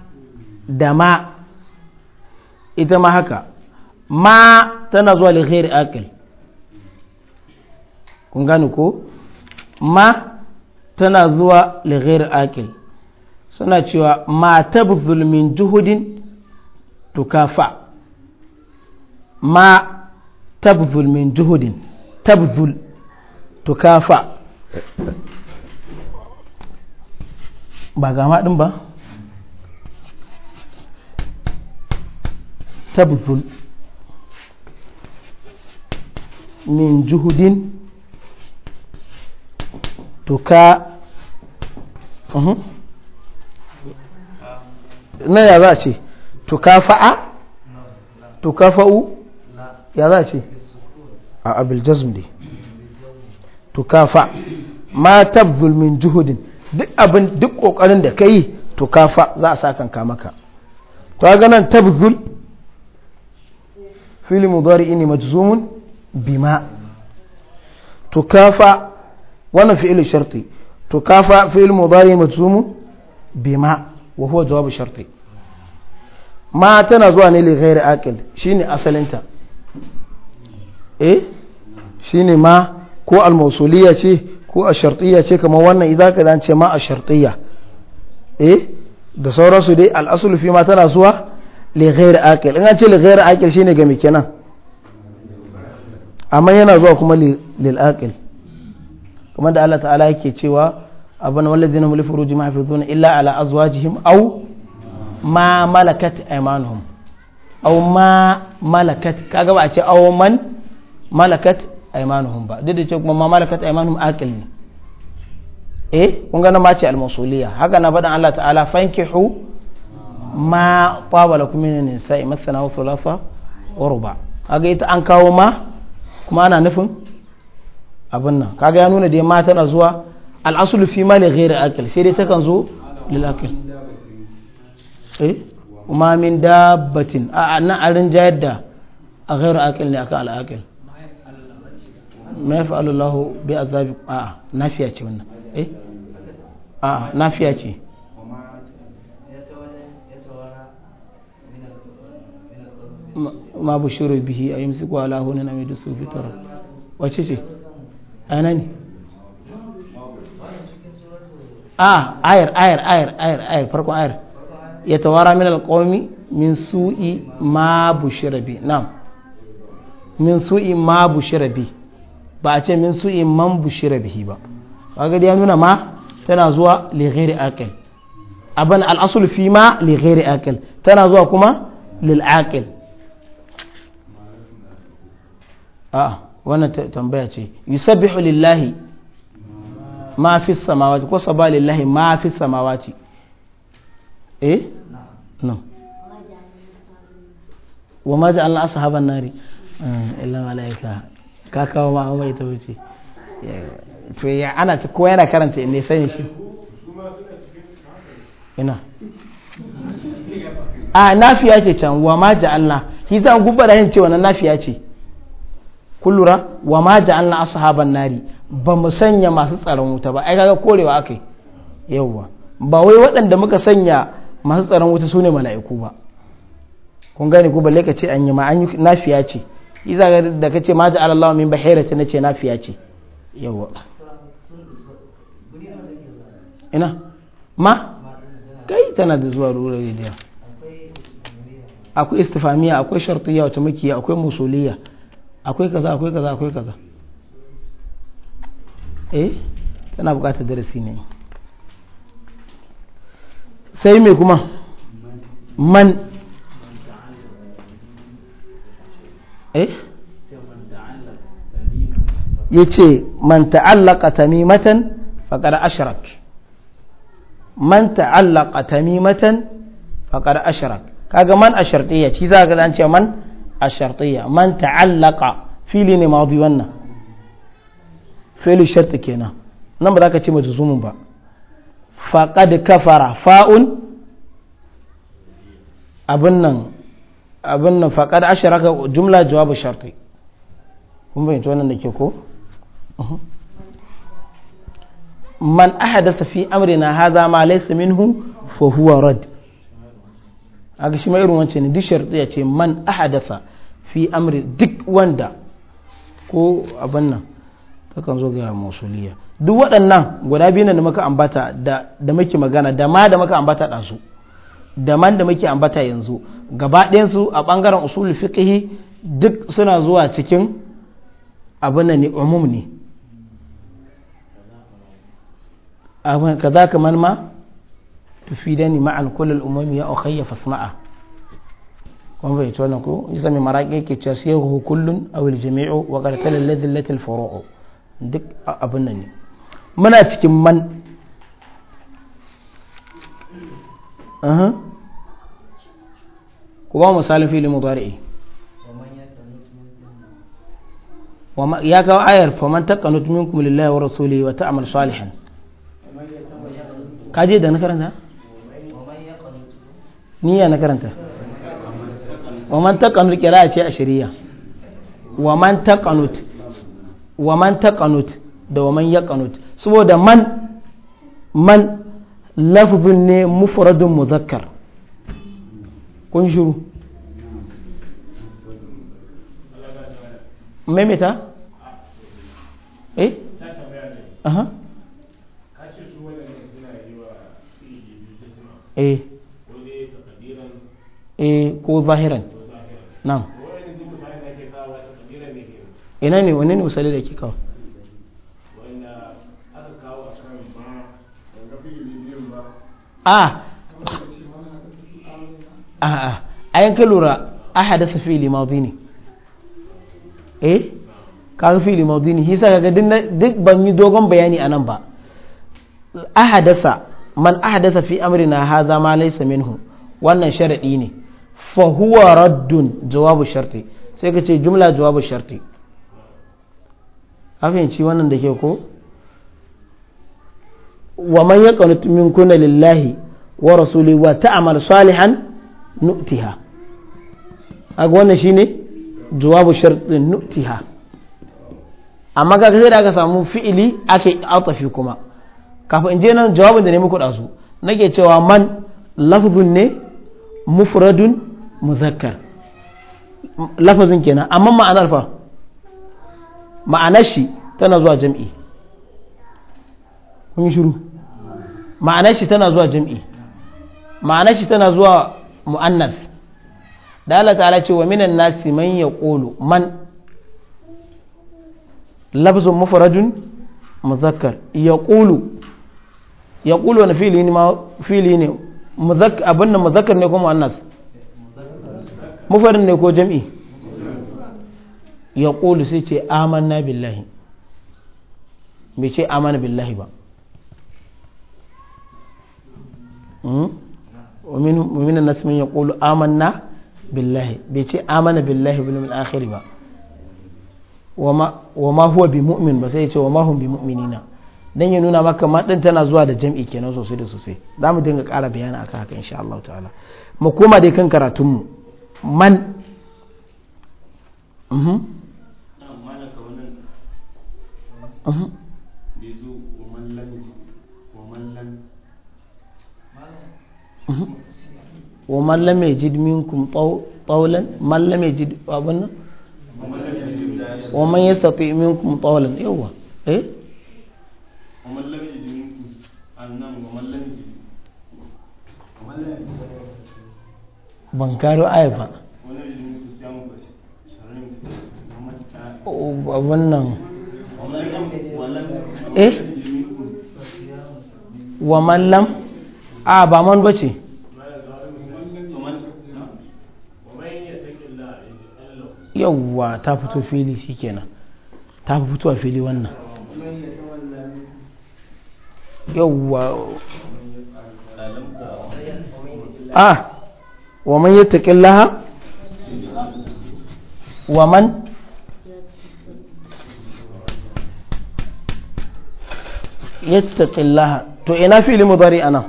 da ma ita ma haka ma tana zuwa lighairi akil kun gani ko ma tana zuwa lighairi akil suna cewa ma tabbul min juhudin tukafa ma tabbul min juhudin tabdhul tukafa ba gama din ba tabzul min juhudin tuka na ya za a ce tuka fa'a tuka fa'u ya za a ce a abiljazm ne tuka fa ma tabzul min juhudin duk abin duk ƙoƙarin da ka yi tuka fa za a sa kanka maka to ga nan tabzul fili mudari ne majzumun bima tukafa wannan fi'il sharti tukafa fi'il mudari majzumun bima wa huwa jawabu sharti ma tana zuwa ne li ghairi aqil shine asalinta eh shine ma ko al-mausuliyya ce ko ash-shartiyya ce kamar wannan idan ka dan ce ma ash-shartiyya eh da sauransu dai al-aslu fi ma tana zuwa li akil in an ce li akil shine ga me kenan amma yana zuwa kuma lil akil kuma da Allah ta'ala yake cewa abana walladhina mulifu ruji furujihim illa ala azwajihim aw ma malakat aymanuhum aw ma malakat kaga ba a ce aw man malakat aymanuhum ba duk da cewa kuma ma malakat aymanuhum akil ne eh kun ga na ma ce al-mausuliyya haka na faɗin Allah ta'ala fankihu ma tawala kuma ne kaga ita an kawo ma kuma ana nufin abin nan kaga ya nuna dai ma tana zuwa al'asulu fi ghairi akil sai dai takan zo lil akil eh ma min dabbatin a nan a a ghairi akil ne akan al'akil ma Allahu bi azabi ma shiru bihi a yumsiku ala hunan mai da su fitar wace ce a ne a ayar ayar ayar ayar ayar farkon ayar ya tawara min alqawmi min su'i ma bushira bi na min su'i ma bushira bi ba a ce min su'i man bushira bihi ba kaga dai ya nuna ma tana zuwa li akil abin aban al fi ma li akil tana zuwa kuma lil A'a, wannan tambaya ce yusabbihu lillahi ma fi samawati ko sabba lillahi ma fi samawati eh no wa ma ja'alna ashaban nari eh, illa malaika ka kawo ma mai ta wuce to ya ana ko yana karanta ne sani shi ina a nafiya ce can wa ma ja'alna shi zan gubara hin ce na nafiya ce kullura wa ma ja'alna ashaban nari ba mu sanya masu tsaron wuta ba ai kaga korewa akai yawwa ba wai waɗanda muka sanya masu tsaron wuta sune mala'iku ba kun gane ko balle ka ce an yi ma an yi nafiya ce iza da kace ma ja'ala Allah min bahirati nace nafiya ce yawwa ina ma kai tana da zuwa ruwa da akwai istifamiya akwai shartiyya wata makiya akwai musuliya akwai kaza akwai kaza akwai kaza eh tana bukatar darasi ne sai me kuma man eh ya ce man ta'allaka tamimatan faƙar ashirak man ta'allaka tamimatan faƙar ashirak kaga man ashirtiya shi za ga an ce man الشرطية من تعلق في لين ماضي ونا فعل الشرط كينا نمبر ذاك تي جزوم با فقد كفر فاء أبنن أبنن فقد أشرك جملة جواب الشرطي kun fahimci wannan da ke ko man ahadatha fi amrina hadha ma laysa minhu aga shi ma irin wancan ne duk sharti ya ce man ahadatha fi amri duk wanda ko abin nan takan zo ga mausuliya duk waɗannan guda biyu da muka ambata da muke magana da ma da muka ambata da su da man da muke ambata yanzu gaba su a ɓangaren usul fiƙihi duk suna zuwa cikin abin nan ne umum ne kaza kamar ma tufidani ma'an kullal umami ya ukhayya fasna'a kun bai wannan ko yasa mai maraki yake cewa sayyahu kullun aw al jami'u wa qad tala alladhi lati al furu'u duk abin nan ne muna cikin man aha ku ba misalin fi'il mudari'i ya kawo ayar faman taqanut minkum lillahi wa rasulihi wa ta'mal salihan kaje da na karanta niyya na karanta wa man taqanut kira ce a shari'a wa man taqanut wa man taqanut da wa man yaqanut saboda man man lafzun ne mufradun muzakkar kun shuru maimaita eh aha eh eh ko zahiran nan ina ne wani ne misali da ke kawo ah, ah, ah. a a yanka lura a hadasa fili maudi ne eh kaga fili maudi ne hisa gadin duk ban yi dogon bayani a nan ba a hadasa man a hadasa fi amurina haza ma laisa minhu wannan sharaɗi ne fa raddun jawabu sharti sai ka ce jumla jawabu sharti a wannan da ke ko wa man yaqnutu min kunna lillahi wa rasuli wa ta'mal salihan nu'tiha aga wannan shine jawabu sharti nu'tiha amma kaga sai da aka samu fi'ili ake atafi kuma kafin in je nan jawabin da ne muku dazu nake cewa man lafzun ne mufradun muzakkar lafazin kenan amma ma'anar fa ma'anar shi tana zuwa jam'i kun shiru ma'anar shi tana zuwa jam'i ma'anar shi tana zuwa mu'annas da Allah ta'ala ce wa minan nasi man yaqulu man lafzun mufradun muzakkar yaqulu yaqulu wani fili ne ma fili ne muzakkar abin muzakkar ne kuma mu'annas mufarin ne ko jam'i ya ƙulu sai ce amanna billahi bai ce amana billahi ba ya ومن الناس من يقول آمنا بالله بيتي آمن بالله باليوم الآخر با وما وما ba بمؤمن بس wa وما bi mu'minina dan ya nuna maka ma din tana zuwa da jam'i kenan sosai da sosai za mu dinga ƙara bayani akan haka insha Allah ta'ala mu koma dai kan karatun mu man wa man lam yajid minkum man lam yajid abun wa man yastati minkum yawa eh wa man lam yajid minkum wa man lam yajid wa man lam yajid ban karo aya ba wannan eh wa mallam a ba man bace yawwa ta fito fili kenan ta fito a fili wannan yawwa a wa man yattaqi Allah to ina fi'li mudari ana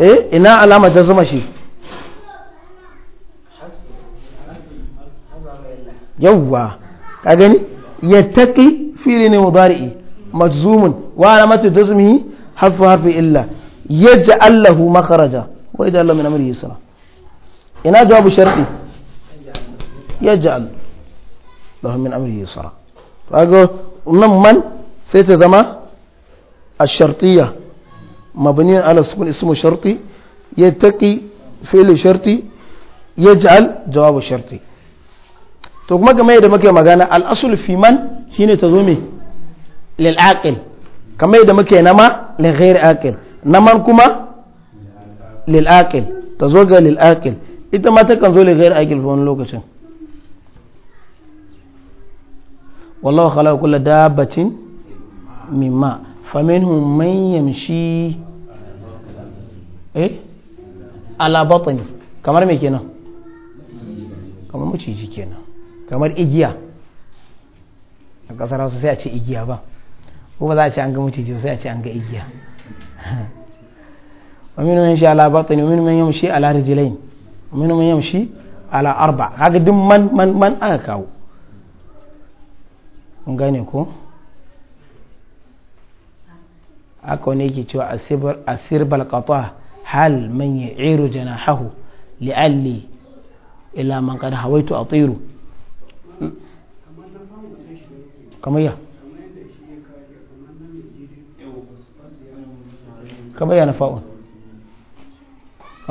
eh ina alama jazma shi ka gani yattaqi fi'li ne mudari majzumun wa alamatu jazmihi harfu illa yaj'al allahu makhraja wa idan Allah min amri yusra ina jawabu sharti yaj'al lahu min amri yusra kaga nan man sai ta zama ash-shartiyya mabni ala sukun ismu sharti يتقي fi'l sharti yaj'al jawabu sharti. to kuma game da muke magana al'asul fi man shine ta zo me lil aqil kamar yadda muke nama lil ghair aqil naman kuma lil aqil ta zo ga lil aqil ita ma ta kan zo li ghair aqil wani lokacin wallahu khalaqa kulla dabbatin mimma faminhum man yamshi eh ala batni kamar mai kenan kamar maciji kenan kamar igiya a kasar hausa sai a ce igiya ba ko ba za a ce an ga maciji sai a ce an ga igiya ومنهم يمشي على بطن ومنهم يمشي على رجلين ومنهم يمشي على أربع من من من أكاو ko cewa asir balkata hal man ya iru janahahu ila man kada hawaitu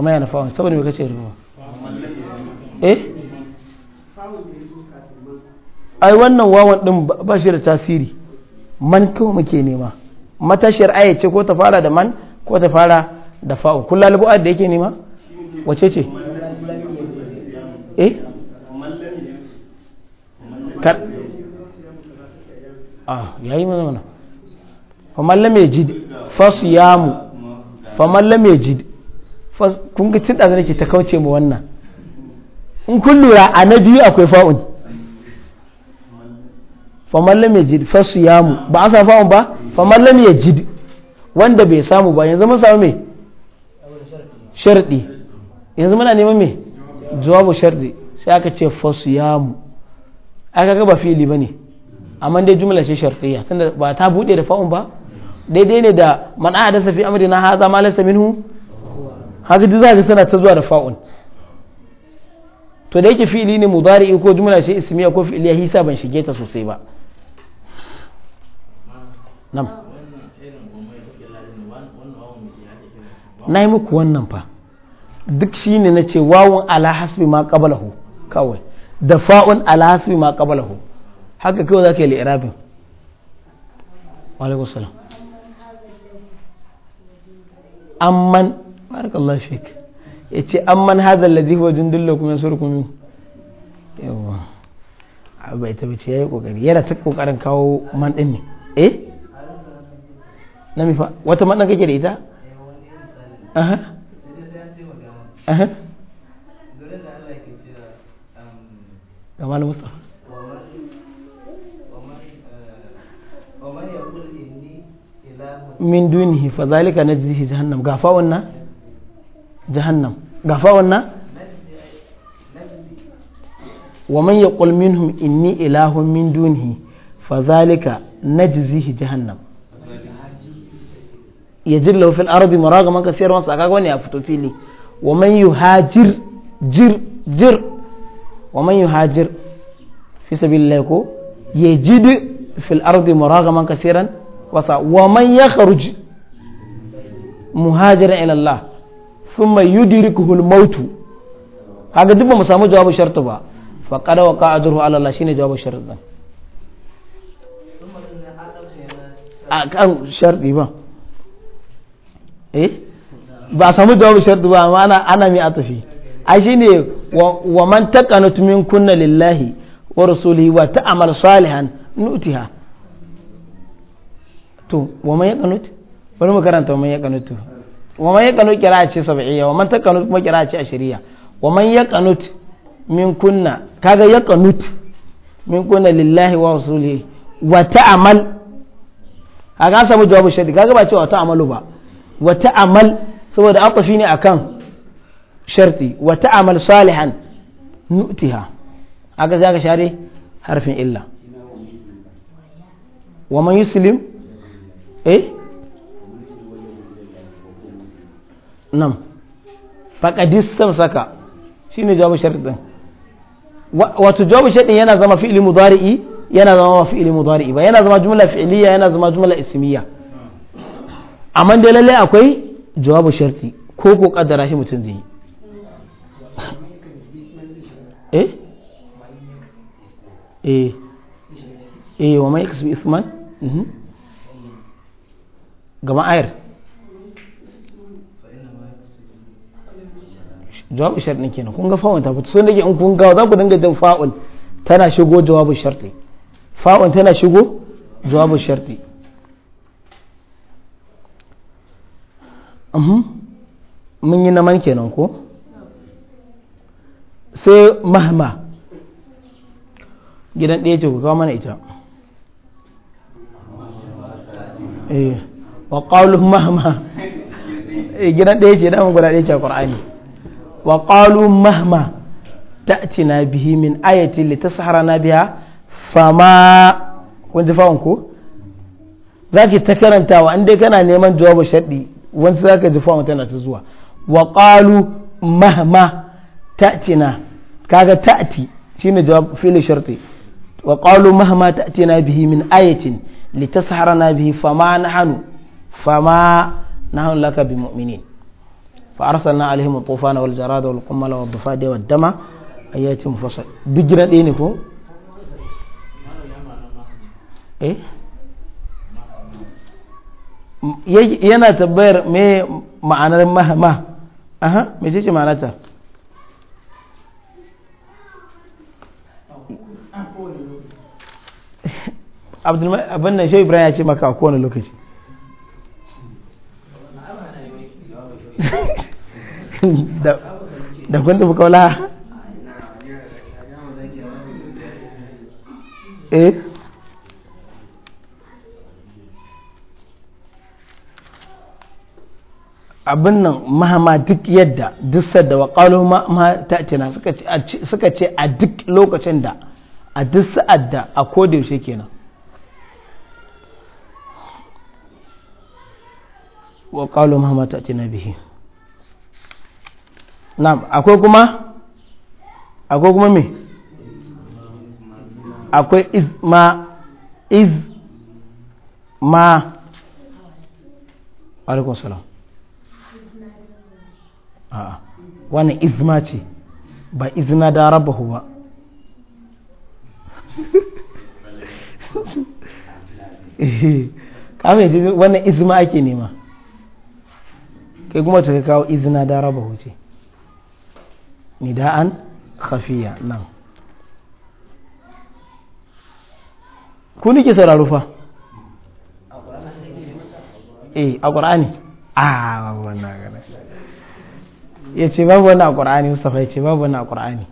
kama yana fawon saboda mai kace rufa eh ai wannan wawan din ba shi da tasiri man kawai muke nema matashiyar aya ce ko ta fara da man ko ta fara da fa'un kullu albu'a da yake nema wace ce eh kar ah yayi mana mana mallame jid fa siyamu fa mallame jid kun ga tun ɗazan nake ta kauce mu wannan in kun lura a na biyu akwai fa'un faman ya yajid fasu yamu ba an samu fa'un ba faman ya yajid wanda bai samu ba yanzu mun samu me sharɗi yanzu muna neman me jawabu sharɗi sai aka ce fasu yamu aka ga ba fili amma dai jumla ce sharɗiya tunda ba ta buɗe da fa'un ba daidai ne da man da fi amrina na haza laysa minhu haka duk za ka tana ta zuwa da fa'un to da yake fi'ili ne mudari ko jumla ce ismiya ko fi'iliya hisa ban shige ta sosai ba nam na yi muku wannan fa duk shi ne na ce wawon ala hasbi ma kabalahu kawai da fa'un ala hasbi ma kabalahu haka kawai ka yi li'irabin wa alaikun salam amman barakallahu fik yace amman hadha alladhi huwa jundullakum yansurukum min yawa abai ta bace yayi kokari yana ta ƙoƙarin kawo man din ne eh na wata man kake da ita aha aha min fa zalika jahannam gafa jahannam gafa wannan wa man yaqul minhum inni ilahun min dunihi fa zalika najzihi jahannam yajir lahu fil ardi maragaman wasa kaga wani a fito fili wa man yuhajir jir jir wa man yuhajir fi sabilillah ko yajid fil ardi maragaman wasa wa muhajiran ila thumma yudrikuhul maut kaga duk ba mu samu jawabin shartu ba fa qad waqa ajruhu ala Allah shine jawabin shartu din a shartu ba eh ba a samu jawabin shartu ba amma ana ana atafi a shi wa man taqanat min kunna lillahi wa rasulihi wa ta'mal salihan nutiha to wa man yaqanut bari mu karanta wa man yaqanut wa man yaqanut qira'a ce sab'iyya wa man taqanut kuma qira'a ce ashriya wa man yaqanut min kunna kaga yaqanut min kunna lillahi wa rasulihi wa ta'mal kaga an samu jawabu shaddi kaga ba cewa ta'malu ba wa ta'mal saboda fi ne akan sharti wa ta'mal salihan nu'tiha kaga zaka share harfin illa wa man yuslim eh nan faƙadistan saka shi ne jawabu sharɗin wato jawabu sharɗin yana zama fi'ili mudari'i yana zama fi'ili mudari'i ba yana zama jumla fi'iliya yana zama jumla ismiya amma dai lalle akwai jawabu sharti ko ko kaddara shi mutum zai yi eh? eh eh wa mai kasbi isman gama ayar jawabu sharɗin kenan kun ga fa'un ta fito sun da in kun ga za ku dinga jin fa'un tana shigo jawabu sharɗi fa'un tana shigo jawabu sharɗi mhm. mun yi naman kenan ko sai mahma gidan ɗaya ce ku kawo mana ita eh. wa ƙaunar mahma eh, gidan ɗaya ce damar guda ɗaya ce a ƙwar'ani wa qalu mahma ta'tina bihi min ayatin litasharana biha fama kun ji fa'un ko zaki ta karantawa in dai kana neman jawabu sharɗi zaka ji tana ta zuwa wa qalu mahma ta'tina kaga ta'ti shine jawab fili sharti wa qalu mahma ta'tina bihi min ayatin litasharana bihi fama nahnu fama nahnu muminin. فارسلنا عليهم الطوفان والجراد والقمل والضفادع والدم ايات مفصل دجرا دي ne ko yana tabbayar me ma'anar mahama aha me ce ce ma'anarta abin nan shai ibrahim ya ce maka kowane lokaci da kun tafi kaula eh abin nan mahama duk yadda duk sadda wa kalu ma ta tina suka ce a duk lokacin da a duk sa'ad da a kodayaushe kenan wa kalu mahama ta tina bihi na akwai kuma akwai kuma me akwai iz ma iz ma alaikun salam a'a wannan izma ce ba izina da rabahu ba kafin yace wannan izma ake nema kai kuma ta kawo izina da rabahu ce nida'an khafiya nan ku nike sauraro fa eh a ƙur'ani a ah, wannan gane ya ce babu wani a ƙur'ani mustapha ya ce babu wani a ƙur'ani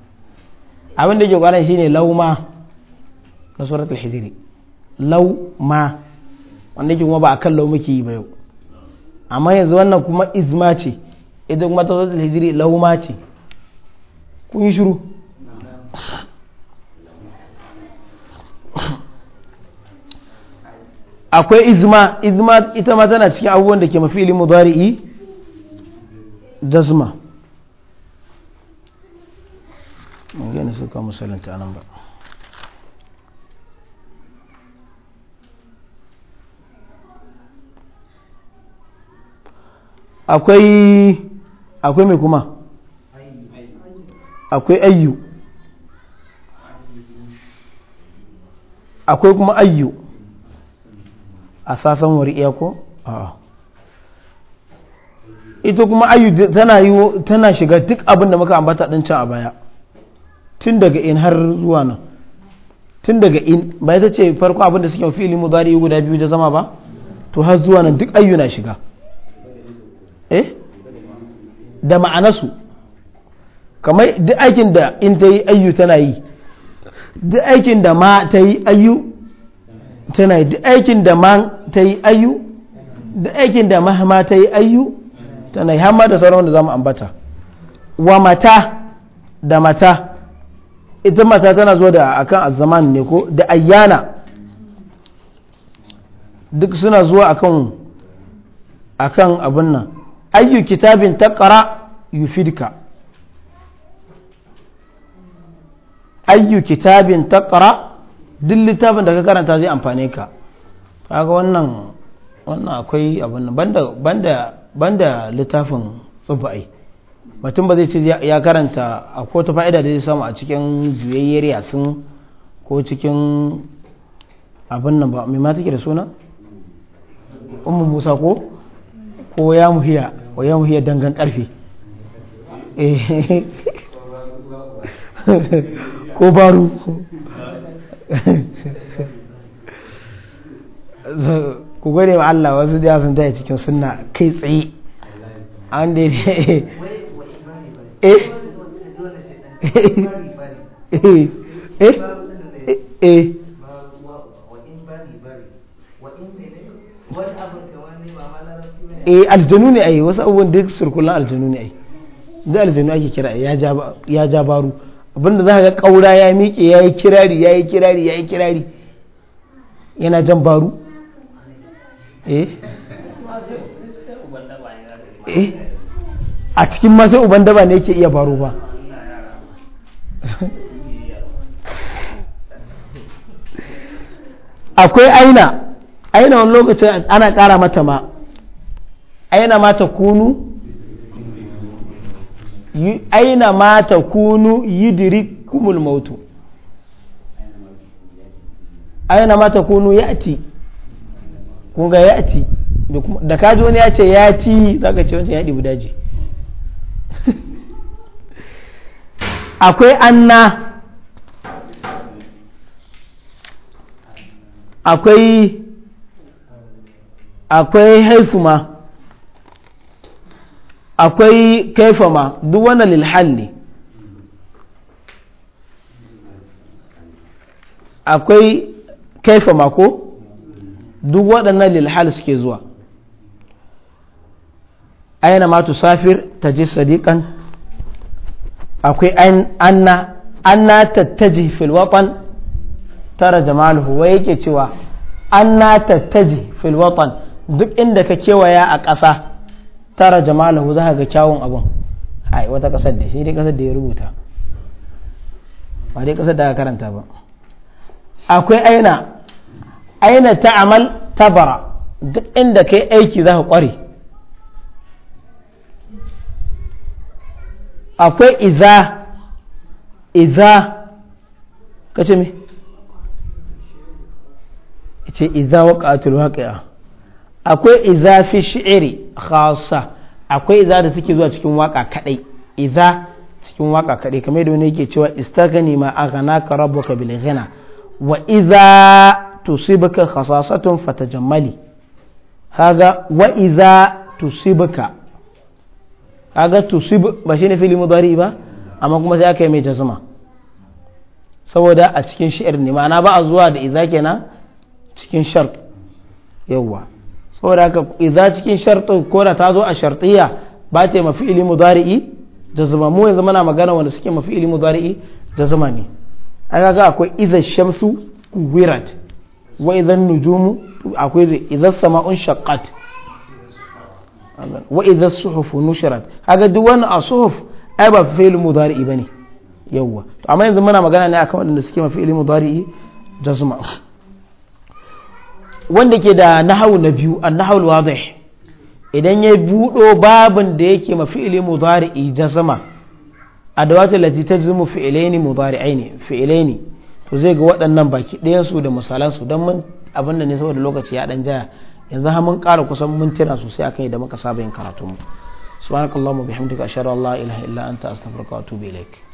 abin da ke ƙwarar shine lauma na suratul hijiri lauma wanda ke kuma ba a kan lauma muke yi ba yau amma yanzu wannan kuma izma ce ita kuma ta suratul hijiri lauma ce kun yi shuru akwai izma izma ita ma tana cikin abubuwan da ke mafi ilimin bari'i jazma gani suka musulunta nan ba akwai akwai mai kuma akwai ayyu akwai kuma ayyu a sasan wari'iya ko a'a ita kuma ayyu tana yi tana shiga duk abinda muka ambata din can a baya tun daga in har zuwa nan tun daga in ba ita ce farko abin da za fi'ili yi guda biyu da zama ba to har zuwa nan duk ayyu na shiga eh da su. kamar duk aikin da in ta yi ayyu tana yi duk aikin da ma ta yi ayyu tana yi duk aikin da ma ta yi ayyu duk aikin da ma ma ta yi ayyu tana yi hamma da sauran da zamu ambata wa mata da mata ita mata tana zo da akan azzaman ne ko da ayyana duk suna zuwa akan akan abin nan ayyu kitabin taqra yufidka ayyu kitabin taqra duk littafin da ka karanta zai amfane ka kaga wannan wannan akwai abin banda banda banda littafin tsubai mutum ba zai ce ya karanta a ko ta fa'ida da zai samu a cikin juyayyar yasin ko cikin abin nan ba mai ma take da suna ummu musa ko ko ya muhiya ko ya muhiya dangan karfe eh. ko baro ku gode wa Allah wasu da sun taya cikin sunna kai tsaye an da eh? eh eh eh eh aljanu ne ai wasu abubuwan duk surkulan aljanu ne ai da aljanu ake kira ya ja baro abinda za ga ƙaura ya miƙe ya yi kirari ya yi kirari ya yi kirari yana jan baru eh. eh a cikin ma sai uban daba ne yake iya baro ba akwai aina aina wani lokacin ana ƙara mata ma aina mata kunu aina ma ta kunu kumul mautu aina ma ta kunu ya'ti Kunga ga ya'ti da kaji wani ya ce ya ci ka ce wancan ya ɗibu daji akwai anna akwai akwai haifu ma akwai kaifa ma duk wannan lilhal ne akwai kaifa ma ko duk waɗannan lilhal suke zuwa aina ma tusafir ta je sadiƙan akwai anna anna tattaji filwatan tara jamalu wai yake cewa anna tattaji filwatan duk inda ka kewaya a ƙasa tara jamalahu za ga kyawun abun ai wata kasar da shi dai kasar da ya rubuta ba dai kasar da aka karanta ba akwai aina aina ta amal tabara duk inda kai aiki za ka kware akwai iza iza ka ce me ce iza waƙatul waƙi'a akwai iza fi shi'iri khasa akwai iza da take zuwa cikin waka kadai iza cikin waka kadai kamar yadda wani yake cewa istaghni ma aghnaka rabbuka bil ghina wa iza tusibaka khasasatun fatajammali haga wa iza tusibaka haga tusib ba shine fili mudari ba amma kuma sai aka yi mai jazma saboda a cikin shi'ir ne ma'ana ba a zuwa da iza kenan cikin shark yawwa saboda haka idza cikin sharto ko da ta zo a shartiya ba ta mafi ili mudari'i jazma mu yanzu muna magana wanda suke mafi ili mudari'i jazma ne aka ga akwai idza shamsu kuwirat wa idza nujumu akwai idza sama'un shaqqat wa idza suhufu nushirat haka duk wani a suhuf ai ba fi'il mudari'i bane yawwa to amma yanzu muna magana ne akan wanda suke mafi ili mudari'i jazma wanda ke da nahawu na biyu a annahawul wadih idan ya buɗo babin da yake ma fi'ili mudari'i jazama adawatu lati tajzimu fi'ilaini mudari'aini fi'ilaini to zai ga waɗannan baki ɗayan su da misalan su dan mun abin da ne saboda lokaci ya dan jaya yanzu har mun ƙara kusan mintuna sosai akan yadda muka saba yin karatu mu subhanakallahumma bihamdika ashhadu an la ilaha illa anta astaghfiruka wa atubu ilaik